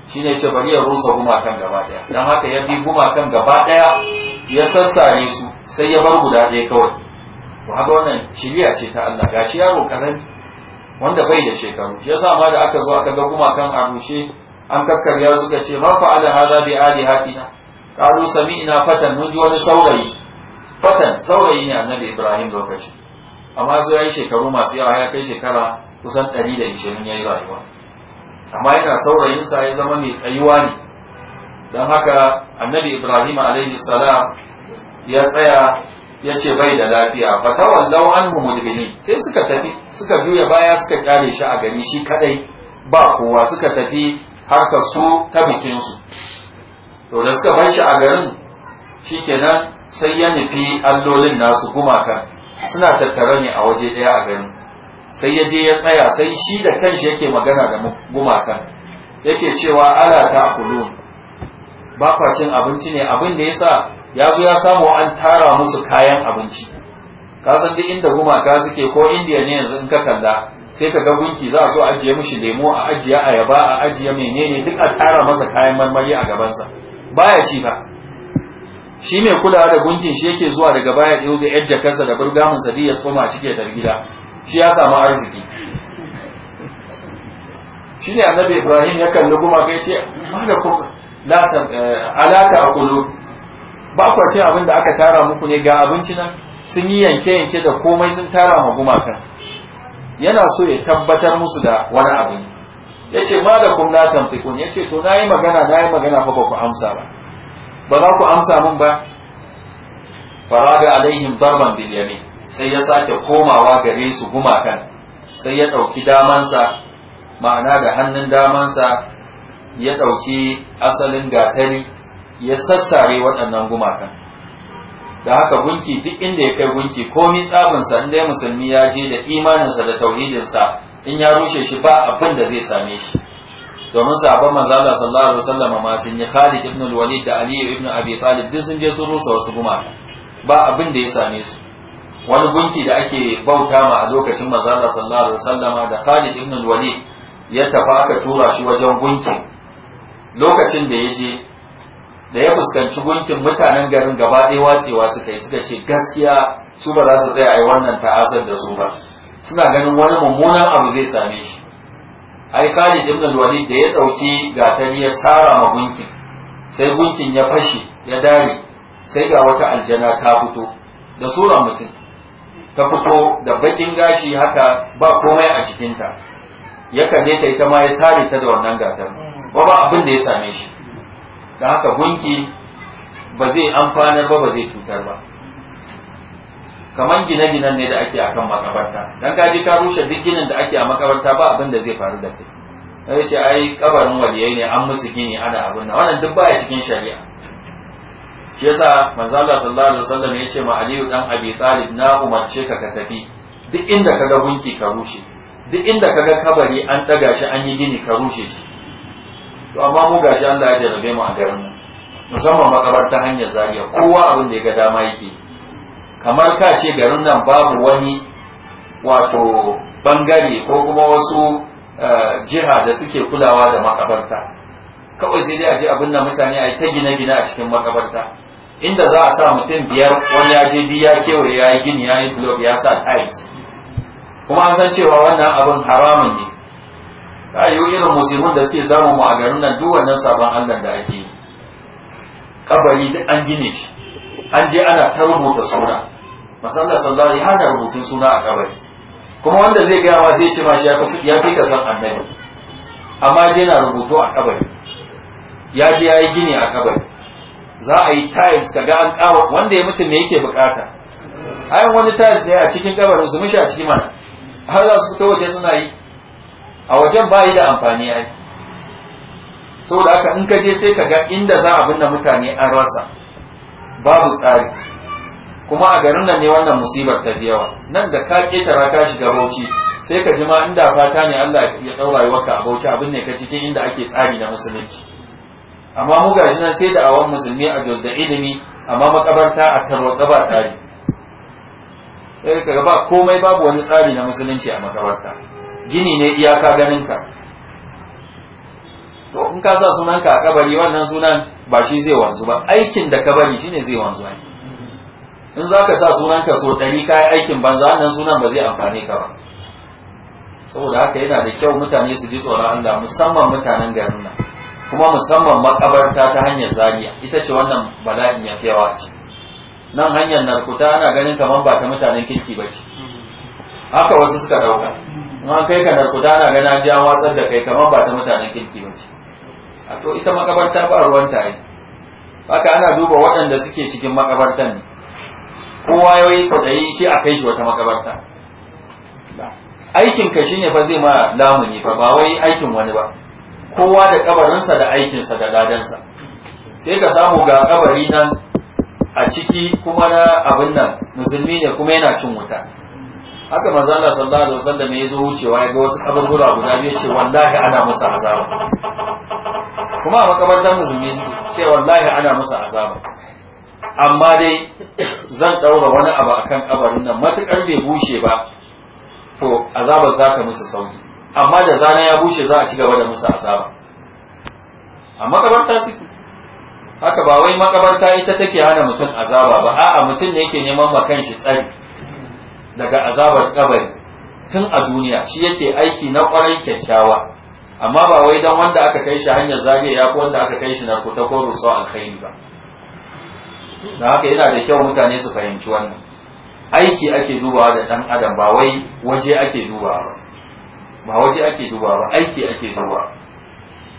shi ne ce bari ya rusa gumakan gaba ɗaya don haka ya bi gumakan gaba ɗaya ya sassare su sai ya bar guda ɗaya kawai to haka wannan shirya ce ta Allah shi yaro karami wanda bai da shekaru ya sa ma da aka zo aka ga gumakan a rushe an kakkarya suka ce ma fa'ala hada bi alihatina qalu sami'na fatan mun ji wani saurayi fatan saurayi ne annabi Ibrahim lokaci amma zo yayi shekaru masu yawa ya kai shekara kusan 120 yayi rayuwa amma yana saurayinsa ya zama mai tsayuwa ne don haka annabi ibrahim alaihi salam ya tsaya ya ce bai da lafiya fa tawallau anhu mudbini sai suka tafi suka juya baya suka kyale shi a gari shi kadai ba kowa suka tafi ka su ta bikin su to da suka bar shi a garin shikenan sai ya nufi allolin nasu gumaka, suna tattare ne a waje daya a garin sai ya je ya tsaya sai shi da kanshi yake magana da gumakan yake cewa ala ta kulun ba kwa cin abinci ne abin da yasa ya zo ya samu an tara musu kayan abinci ka san duk inda gumaka suke ko indiya ne yanzu in ka kalla sai ka ga gunki za a zo ajiye mishi lemo a ajiye ayaba a ajiye menene duk a tara masa kayan marmari a gabansa baya ci ba shi mai kula da gunkin shi yake zuwa daga baya ɗaya da yar jakarsa da burgamun sa ya tsoma cike da gida shi ya samu arziki shi ne annabi ibrahim ya kalli gumaka ya ce da kuma Eh, alaka a kulu ba ku ce abin da aka tara muku ne ga abinci nan sun yi yanke-yanke da komai sun tara ma gumakan yana so ya tabbatar musu da wani abu ya ce ma da kun latan fikun ya ce to na yi magana na yi magana ba ku amsa ba ba za ku amsa min ba faraga alaihim alaihin barban yamin sai ya sake komawa gare su gumakan sai ya ɗauki damansa ma'ana da hannun damansa ya ɗauki asalin gatari ya sassare waɗannan gumakan da haka gunki duk inda ya kai gunki ko tsabinsa inda ya musulmi ya je da imaninsa da tauhidinsa in ya rushe shi ba abin da zai same shi domin sahabban manzala sallallahu alaihi wasallam ma sun yi Khalid ibn al-Walid da Ali ibn Abi Talib duk sun je sun rusa wasu gumaka ba abin da ya same su wani gunki da ake bauta ma a lokacin manzala sallallahu alaihi wasallam da Khalid ibn al-Walid ya tafi aka tura shi wajen gunkin lokacin da ya je da ya fuskanci gunkin mutanen garin gaba ɗaya watsewa suka yi suka ce gaskiya su ba za su tsaya a yi wannan ta'asar da su ba suna ganin wani mummunan abu zai same shi ai Khalid ibn al-Walid da ya dauki gatari ya sara ma gunkin sai gunkin ya fashe ya dare sai ga wata aljana ta fito da suran mutum ta fito da bakin gashi haka ba komai a cikinta ya kalle ta ita ma ya sare ta da wannan gatar ba ba abin da ya same shi da haka gunki ba zai amfanar ba ba zai cutar ba kamar gine-ginen ne da ake akan makabarta Don ka ka rushe duk ginin da ake a makabarta ba abin da zai faru da kai sai ce ai kabarin waliyai ne an musu gini ana abin da wannan duk baya cikin shari'a shi yasa manzo Allah sallallahu alaihi wasallam ya ce ma Aliyu dan Abi Talib na umarce ka ka tafi duk inda kaga gunki ka rushe duk inda kaga kabari an daga shi an yi gini ka rushe shi to amma mu gashi Allah ya jarrabe mu a garin mu musamman makabarta hanyar zariya kowa abin da ya ga dama yake kamar ka ce garin nan babu wani wato bangare ko kuma wasu eh, jiha da suke kulawa da makabarta kawai sai dai a ce abin da mutane a yi ta gine-gine a cikin makabarta inda za a sa mutum biyar wani ya je biya kewaye ya yi gini ya yi blog ya sa tiles kuma an san cewa wannan abin haramun ne rayuwar irin musulmin da suke samun mu a garin nan duk wannan sabon allah da ake yi kabari duk an gine shi an je ana ta rubuta suna masallar sallar ya hana rubutun suna a kabari kuma wanda zai ga ma zai ce ma shi ya fi ka san annabi amma je na rubutu a kabari ya je ya yi gini a kabari za a yi tiles ka ga an kawo wanda ya mutum ne yake bukata ayin wani tiles ne a cikin kabarin su mishi a cikin mana har za su fito waje suna yi a wajen bayi da amfani ai da haka in ka je sai ka ga inda za a binne mutane an rasa babu tsari kuma a garin nan ne wannan musibar ta yawa nan da ka ketara ka shiga bauchi sai ka ji ma inda fata ne Allah ya ɗau rayuwarka a bauchi abin ne ka cikin inda ake tsari na musulunci amma mu gashi nan sai da awan musulmi a jos da ilimi amma makabarta a tarwatsa ba tsari sai ka ga ba komai babu wani tsari na musulunci a makabarta jini ne iyaka ganinka to in ka sa sunanka a kabari wannan sunan ba shi zai wanzu ba aikin da ka bari shine zai wanzu ne in za ka sa sunanka so ɗari kayi aikin banza wannan sunan ba zai amfane ka ba saboda haka yana da kyau mutane su ji tsoron Allah musamman mutanen garin nan kuma musamman makabarta ta hanyar zariya ita ce wannan bala'in ya fi yawa ce nan hanyar narkuta ana ganin kamar ba ta mutanen kirki ba ce haka wasu suka ɗauka ma kai ka da kudana ga jiya ji an watsar da kai kamar ba ta mutanen kirki ba ce a to ita makabarta ba ruwan ta yi haka ana duba waɗanda suke cikin makabartan ne kowa ya yi kwaɗayi shi a kai shi wata makabarta aikin ka shine fa zai ma lamuni fa ba wai aikin wani ba kowa da kabarinsa da aikinsa da ladansa sai ka samu ga kabari nan a ciki kuma na abin nan musulmi ne kuma yana cin wuta haka manzo Allah sallallahu alaihi wasallam ya zo wucewa ya ga wasu kaburbura guda biyu ce wallahi ana musu azaba kuma a makabartar musulmi su ce wallahi ana musu azaba amma dai zan daura wani abu akan kabarin nan matukar bai bushe ba to azabar zaka musu sauki amma da zana ya bushe za a ci gaba da musu azaba a makabarta suke haka ba wai makabarta ita take hana mutum azaba ba a'a mutum ne yake neman makan shi tsari daga azabar kabari tun a duniya shi yake aiki na kwarai kyakkyawa amma ba wai dan wanda aka kai shi hanyar zage ya ko wanda aka kai shi na kuta ko rusa alkhairi ba da haka yana da kyau mutane su fahimci wannan aiki ake dubawa da dan adam ba wai waje ake dubawa ba ba waje ake dubawa ba aiki ake dubawa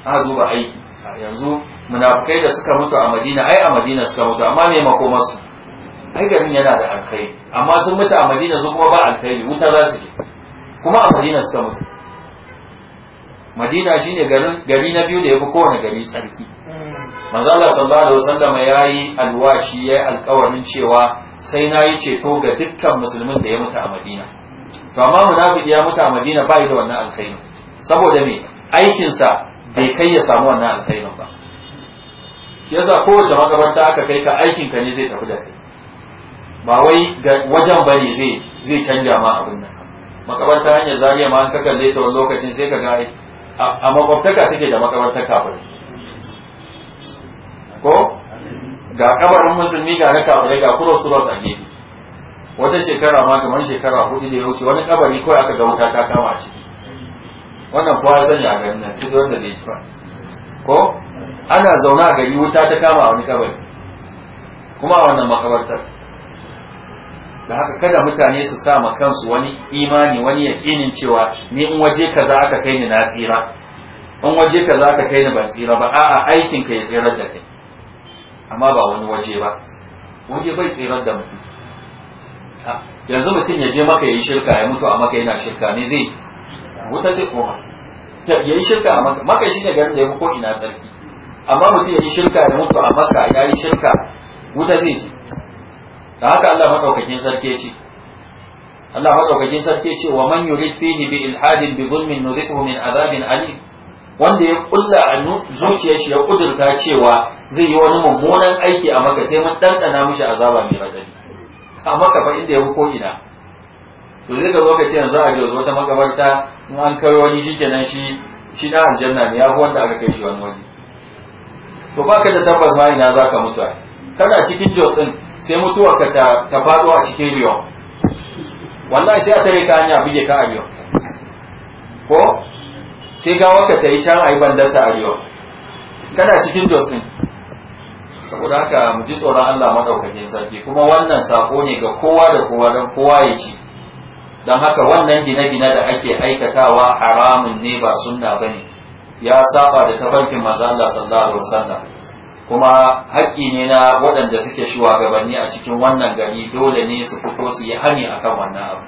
a duba aiki yanzu munafukai da suka mutu a madina ai a madina suka mutu amma me makomarsu ai garin yana da alkhairi amma sun mutu a madina su kuma ba alkhairi wuta za su ke, kuma a madina suka mutu madina shine garin gari na biyu da ya yafi kowane gari tsarki manzo Allah sallallahu alaihi wasallam yayi alwashi yayi alkawarin cewa sai na yi ceto ga dukkan musulmin da ya mutu a madina to amma munafiki ya mutu a madina bai da wannan alkhairi saboda me aikinsa bai kai ya samu wannan alkhairin ba yasa kowace makabarta aka kai ka aikinka ne zai tafi da kai ba wai ga wajen bane zai zai canja ma abin nan makabarta hanyar zariya ma an ka kalle ta wani lokacin sai ka ga a makwabtaka take da makabarta kafirai ko ga kabarin musulmi ga na kafirai ga kuro su a gefe wata shekara ma kamar shekara hudu da ya wuce wani kabari kawai aka ga wuta ta kama ciki wannan kuwa ya sanya a garin nan cikin wanda bai ci ba ko ana zaune a gari wuta ta kama wani kabari kuma a wannan makabartar da haka kada mutane su sa ma kansu wani imani wani yakinin cewa ni in waje kaza aka kai ni na tsira in waje kaza aka kai ni ban tsira ba a'a aikin ka ya tsirar da kai amma ba wani waje ba waje bai tsirar da mutum ah, yanzu mutum ya je maka yayi shirka ya mutu a maka yana shirka ne zai wuta zai koma yayi shirka a maka maka ne garin da ya ko ina sarki amma mutum ya yi shirka ya mutu a maka ya yi shirka wuta zai je da haka Allah madaukakin sarki ce Allah madaukakin sarki ce wa man yurid fihi bi ilhadin bi zulmin nudhiquhu min adabin alim wanda ya kulla a zuciyar shi ya kudurta cewa zai yi wani mummunan aiki a maka sai mun dandana mishi azaba mai radadi a maka fa inda ya fi ko ina to zai ga lokaci yanzu a jos wata makabarta in an kai wani shi kenan shi shi na aljanna ne ya wanda aka kai shi wani waje to baka da tabbas ma ina zaka ka mutu kana cikin jos din sai mutuwar ka ta faɗo a cikin riyo Wannan sai a tare ka hanya buge ka a riyon ko sai gawar ka ta yi can a yi bandarta a riyon kana cikin jos din saboda haka mu ji tsoron Allah madaukakin sarki kuma wannan sako ne ga kowa da kowa don kowa ya ci don haka wannan gine-gine da ake aikatawa haramun ne ba sunna bane ya saba da tabarkin manzo Allah sallallahu alaihi wasallam kuma hakki ne na waɗanda suke shugabanni a cikin wannan gari dole ne su fito su yi hani akan wannan abu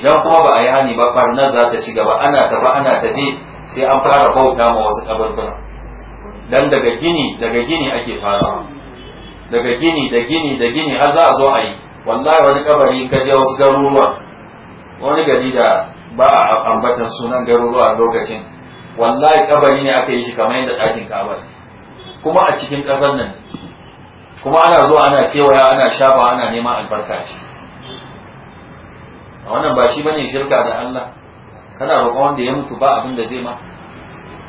idan kuma ba a yi hani ba farnar za ta ci gaba ana tafi ana tafi sai an fara bauta ma wasu kaburbura dan daga gini daga gini ake fara daga gini da gini da gini har za a zo a yi wallahi wani kabari ka je wasu garuruwa wani gari da ba a ambatan sunan garuruwa lokacin wallahi kabari ne aka yi shi kamar yadda ɗakin kabari kuma a cikin ƙasar nan kuma ana zuwa ana kewaya ana shafa ana neman albarka a a wannan ba shi bane shirka da Allah kana roƙon wanda ya mutu ba abin da zai ma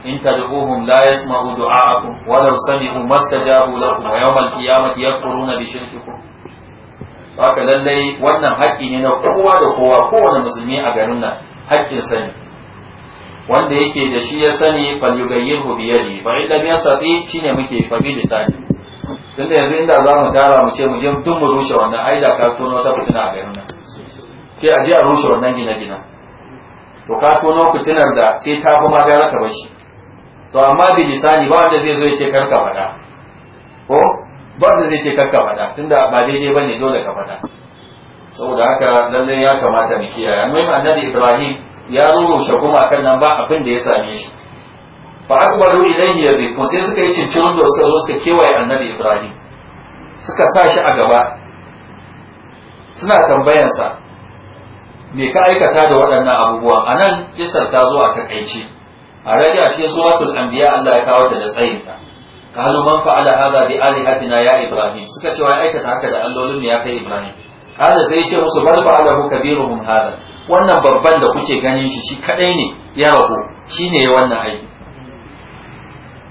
in tad'uhum la yasma'u du'a'akum wa law sami'u mastajabu lakum wa yawmal qiyamati yakfuruna bi shirkikum haka lallai wannan haƙƙi ne na kowa da kowa kowane musulmi a garin nan haƙƙin sani wanda yake da shi ya sani falyugayyirhu bi yadi fa in lam yastati shine muke fabi bi lisani tunda yanzu inda za mu tara mu ce mu je tun mu rushe wannan aida ka tono ta fitina a garin nan sai a je a rushe wannan gina gina to ka tono fitinar da sai ta fi magana ka bashi to amma bi lisani ba wanda zai zo ya ce karka faɗa ko ba wanda zai ce karka faɗa tunda ba daidai bane dole ka faɗa saboda haka lallai ya kamata mu kiyaye annabi Ibrahim ya kuma kan nan ba abin da ya same shi fa akbaru ilayhi yazifun sai suka yi cincin da suka zo suka kewaye annabi ibrahim suka sa shi a gaba suna tambayansa me ka aikata da waɗannan abubuwan a nan kisar ta zo a takaice a rage a cikin suratul anbiya Allah ya kawo ta da ta qalu man fa'ala hadha bi alihatina ya ibrahim suka ce wa aikata haka da allolin ya kai ibrahim kada sai ya ce musu bal fa'alahu kabiruhum hadha wannan babban da kuke ganin shi shi kadai ne ya ragu. shi ne wannan aiki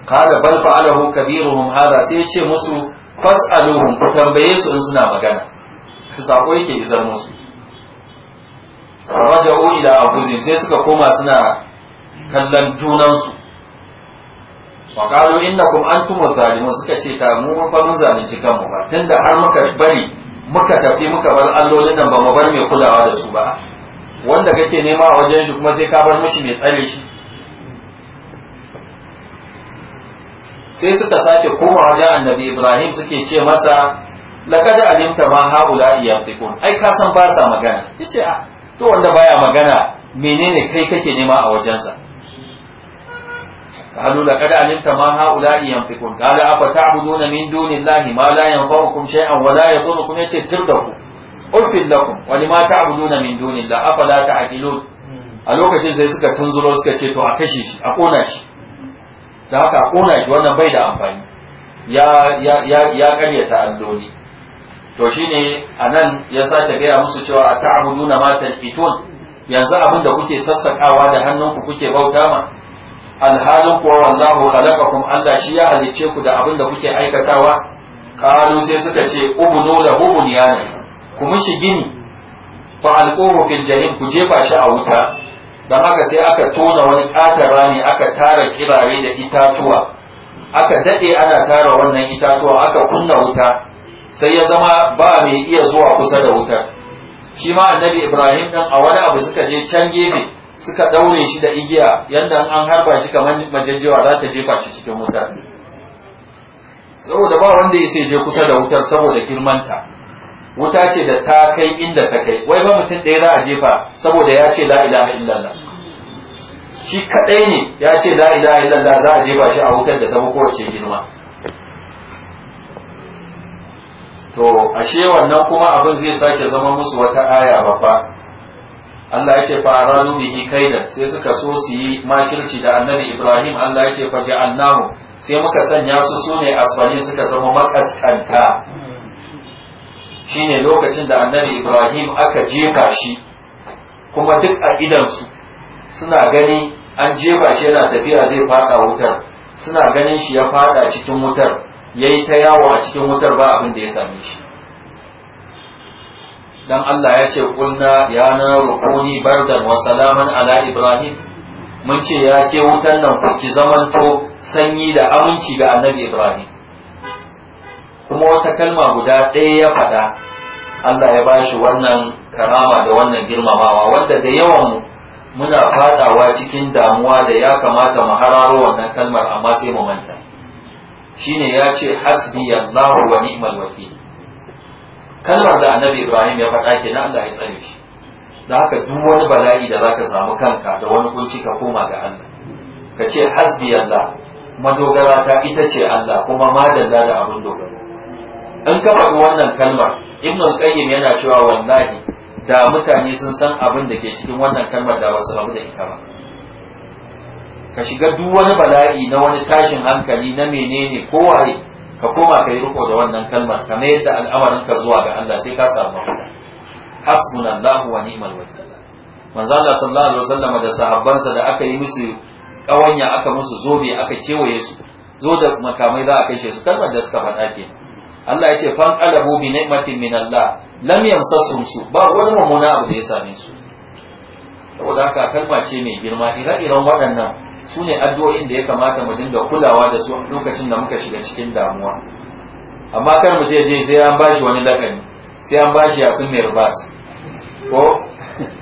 kada bal fa'alahu kabiruhum hada sai ya ce musu fas'aluhum ku tambaye su in suna magana sako yake izar musu raja'u ila abuzin sai suka koma suna kallon junansu wa qalu innakum antum zalimun suka ce ta mu fa mun zalunci kanmu ba tunda har muka bari muka tafi muka bar allolin nan ba mu bar mai kulawa da su ba wanda kake nema a wajen shi kuma sai ka bar mishi mai tsare shi sai suka sake koma wajen annabi ibrahim suke ce masa laqad alimta ma haula yaqtikun ai ka san ba sa magana yace a ah, to wanda baya magana menene kai kake nema a wajensa قالوا لقد علمت ما هؤلاء ينفقون قال أفتعبدون من دون الله ما لا ينفعكم شيئا ولا يضركم يتردكم ufil lakum wa lima nuna min dunillah afala ta'qilun a lokacin sai suka tunzuro suka ce to a kashe shi a kona shi da haka a kona shi wannan bai da amfani ya ya ya ya karyata alloli to shine nan ya sake gaya musu cewa a nuna ma talqitun yanzu abin da kuke sassakawa da hannunku kuke bauta ma alhalin kuwa wallahu khalaqakum Allah shi ya halicce ku da abin da kuke aikatawa qalu sai suka ce ubnu lahu bunyanan ku mishi gini fa alquhu fil jahim ku jefa shi a wuta dan haka sai aka tona wani katar rami aka tara kirare da itatuwa aka dade ana tara wannan itatuwa aka kunna wuta sai ya zama ba mai iya zuwa kusa da wutar shi ma annabi ibrahim dan a wani abu suka je can gefe suka daure shi da igiya yanda an harba shi kamar majajjewa za ta jefa shi cikin wutar saboda ba wanda ya je kusa da wutar saboda girmanta wuta ce da ta kai inda ta kai wai ba mutum ɗaya za a jefa saboda ya ce la a illallah shi kaɗai ne ya ce la a illallah za a jefa shi a wutar da ta fi kowace girma to ashe wannan kuma abin zai sake zama musu wata aya babba Allah ya ce fa aradu bihi kaida sai suka so su yi makirci da annabi Ibrahim Allah ya ce fa ja'alnahu sai muka sanya su sune asfani suka zama makaskanta shine lokacin da annabi ibrahim aka jefa shi kuma duk a idansu suna gani an jefa shi yana tafiya zai fada wutar suna ganin shi ya fada cikin wutar ya yi ta yawo a cikin wutar ba abin da ya same shi dan Allah ya ce kulna ya na rukuni bardan wa salaman ala ibrahim mun ce ya ke wutan nan ku ki zamanto sanyi da aminci ga annabi ibrahim kuma wata kalma guda ɗaya ya faɗa Allah ya bashi wannan karama da wannan girmamawa wanda da yawan muna fadawa cikin damuwa da ya kamata mu hararo wannan kalmar amma sai mu manta shine ya ce hasbi Allahu wa ni'mal wakil kalmar da annabi Ibrahim ya faɗa ke nan Allah ya tsare shi da haka duk wani bala'i da zaka samu kanka da wani kunci ka koma ga Allah ka ce hasbi Allah madogara ta ita ce Allah kuma madalla da abin dogaro in ka faɗi wannan kalmar al qayyim yana cewa wallahi da mutane sun san abin da ke cikin wannan kalmar da wasu abu da ita ba ka shiga duk wani bala'i na wani tashin hankali na menene kowaye ka koma ka yi riko da wannan kalmar kamar yadda al'amarin ka zuwa ga Allah sai ka samu mafita hasbunallahu wa ni'mal wakeel manzo Allah sallallahu alaihi wasallam da sahabbansa da aka yi musu kawanya aka musu zobe aka cewaye su zo da makamai za a kashe su kalmar da suka faɗa kenan Allah ya ce fan qalabu bi ni'matin min Allah lam yamsasum su ba wani mummuna abu da ya same su saboda haka kalma ce mai girma ire-iren waɗannan su ne addu'o'in da ya kamata mu dinga kulawa da su lokacin da muka shiga cikin damuwa amma kar mu je je sai an bashi wani lakani sai an bashi yasin mai rubas ko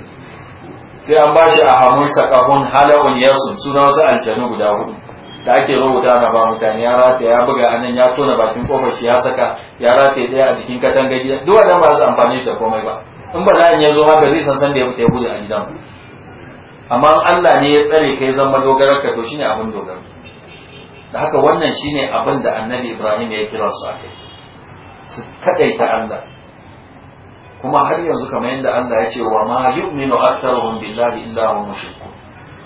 sai an bashi a hamun sakahun halawun yasun suna wasu aljanu guda hudu da ake rubuta na ba mutane ya rata ya buga nan ya tona bakin kofar shi ya saka ya rata daya a jikin katanga gida duk wanda ba su amfani da komai ba in ba za ya zo ma ba zai san san da ya fita gudu a gidan amma Allah ne ya tsare kai zama dogarar ka to shine abin dogaro da haka wannan shine abin da Annabi Ibrahim ya kira su akai su kadaita Allah kuma har yanzu kamar yadda Allah ya ce wa ma yu'minu aktharuhum billahi illa hum mushrikun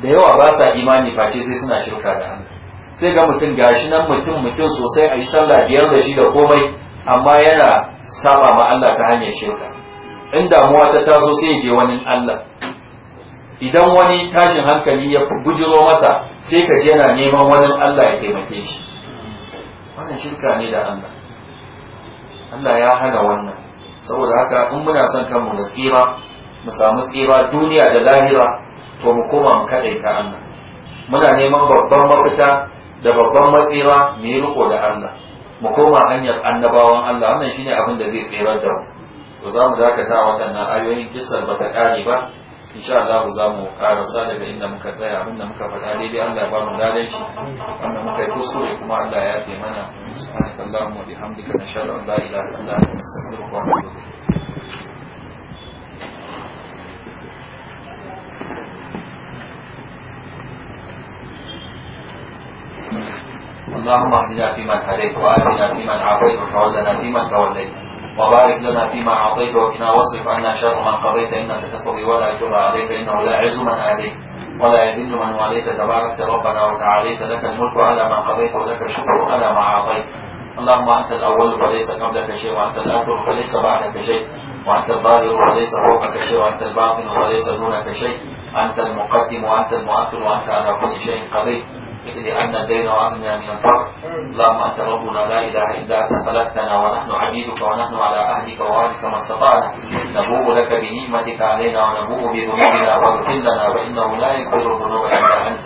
da yawa ba sa imani face sai suna shirka da Allah sai ga mutum gashi nan mutum mutum sosai a yi sallah biyar da shi da komai amma yana saba ma Allah ta hanyar shirka in damuwa ta taso sai ya je wani Allah idan wani tashin hankali ya bujiro masa sai ka je yana neman wani Allah ya taimake shi wannan shirka ne da Allah Allah ya hana wannan saboda haka in muna son kanmu da tsira mu samu tsira duniya da lahira to mu koma mu ta Allah muna neman babban mafita da babban matsira mu yi riko da Allah mu koma hanyar annabawan Allah wannan shine abin da zai tsirar da mu to za mu dakata a waɗannan ayoyin kissar ba ta ƙare ba insha Allah za mu karasa daga inda muka tsaya abin da muka faɗa daidai Allah ba mu dalan shi wanda muka yi kuskure kuma Allah ya fi mana subhanakallahumma bihamdika nashhadu an la ilaha illa anta astaghfiruka wa atubu ilayk اللهم اهدنا فيمن هديت واهدنا فيمن عافيت وتولنا فيمن توليت وبارك لنا فيما أعطيت وقنا واصرف عنا شر من قضيت إنك تقضي ولا يجر عليك إنه لا يعز من عليك ولا يذل من واليت تبارك ربنا وتعاليت لك الملك على ما قضيت ولك الشكر على ما أعطيت اللهم أنت الأول وليس قبلك شيء وأنت الآخر وليس بعدك شيء وأنت الظاهر وليس فوقك شيء وأنت الباطن وليس دونك شيء أنت المقدم وأنت المؤخر وأنت على كل شيء قدير لأن الدين وأمنا من الفقر اللهم أنت ربنا لا إله إلا أنت خلقتنا ونحن عبيدك ونحن على أهلك ووعدك ما استطعنا نبوء لك بنعمتك علينا ونبوء بذنوبنا واغفر لنا وإنه لا يغفر الذنوب إلا أنت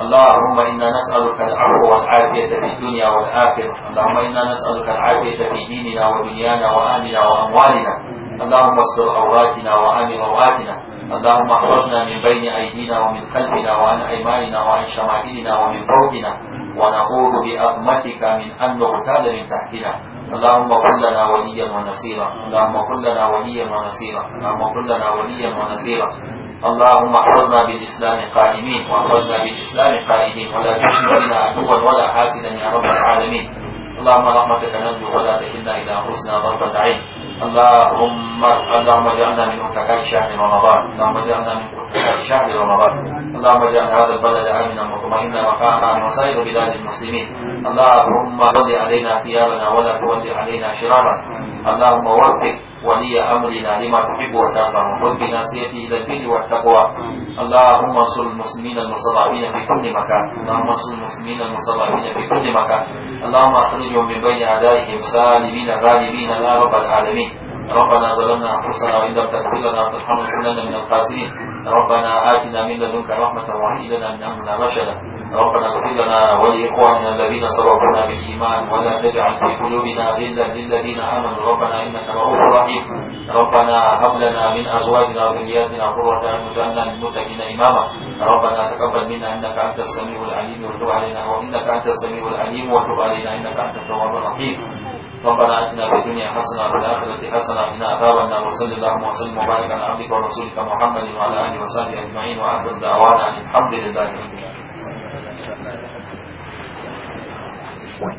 اللهم إنا نسألك العفو والعافية في الدنيا والآخرة اللهم إنا نسألك العافية في ديننا ودنيانا وأهلنا وأموالنا اللهم استر عوراتنا وآمن رواتنا اللهم احفظنا من بين أيدينا ومن خلفنا وعن أيماننا وعن شمائلنا ومن فوقنا ونعوذ بأرمتك من أن نغتال من تحتنا اللهم كن لنا وليا ونصيرا اللهم كن لنا وليا ونصيرا اللهم كن لنا وليا ونصيرا اللهم احفظنا بالاسلام قائمين واخرجنا بالاسلام قائمين ولا تشرك بنا عدوا ولا حاسدا يا رب العالمين اللهم رحمتك ننجو ولا تكلنا الى انفسنا ضربه عين اللهم اللهم اجعلنا من اتقاء شهر رمضان اللهم اجعلنا من اتقاء شهر رمضان اللهم اجعل هذا البلد امنا مطمئنا وقاما وسائر بلاد المسلمين اللهم ول علينا ثيابنا ولا تول علينا شرارا اللهم وفق ولي أمرنا لما تحب وترضى من ربنا سيدي إلى البر والتقوى اللهم انصر المسلمين المستضعفين في كل مكان اللهم انصر المسلمين المستضعفين في كل مكان اللهم أخرجهم من بين أعدائهم سالمين غالبين يا رب العالمين ربنا ظلمنا أنفسنا وإن لم تغفر لنا وترحمنا كلنا من الخاسرين ربنا آتنا من لدنك رحمة وهيئ لنا من أمرنا رشدا ربنا اغفر لنا ولإخواننا الذين سبقونا بالإيمان ولا تجعل في قلوبنا غلا للذين آمنوا ربنا إنك رؤوف رحيم ربنا هب لنا من أزواجنا وذرياتنا قرة أعين واجعلنا للمتقين إماما ربنا تقبل منا إنك أنت السميع العليم وتب علينا وإنك أنت السميع العليم وتب علينا إنك أنت التواب الرحيم ربنا اتنا في الدنيا حسنه وفي الاخره حسنه وقنا عذاب النار وصلى اللهم وسلم وبارك على عبدك ورسولك محمد وعلى اله وصحبه اجمعين واخر دعوانا الحمد لله رب العالمين point.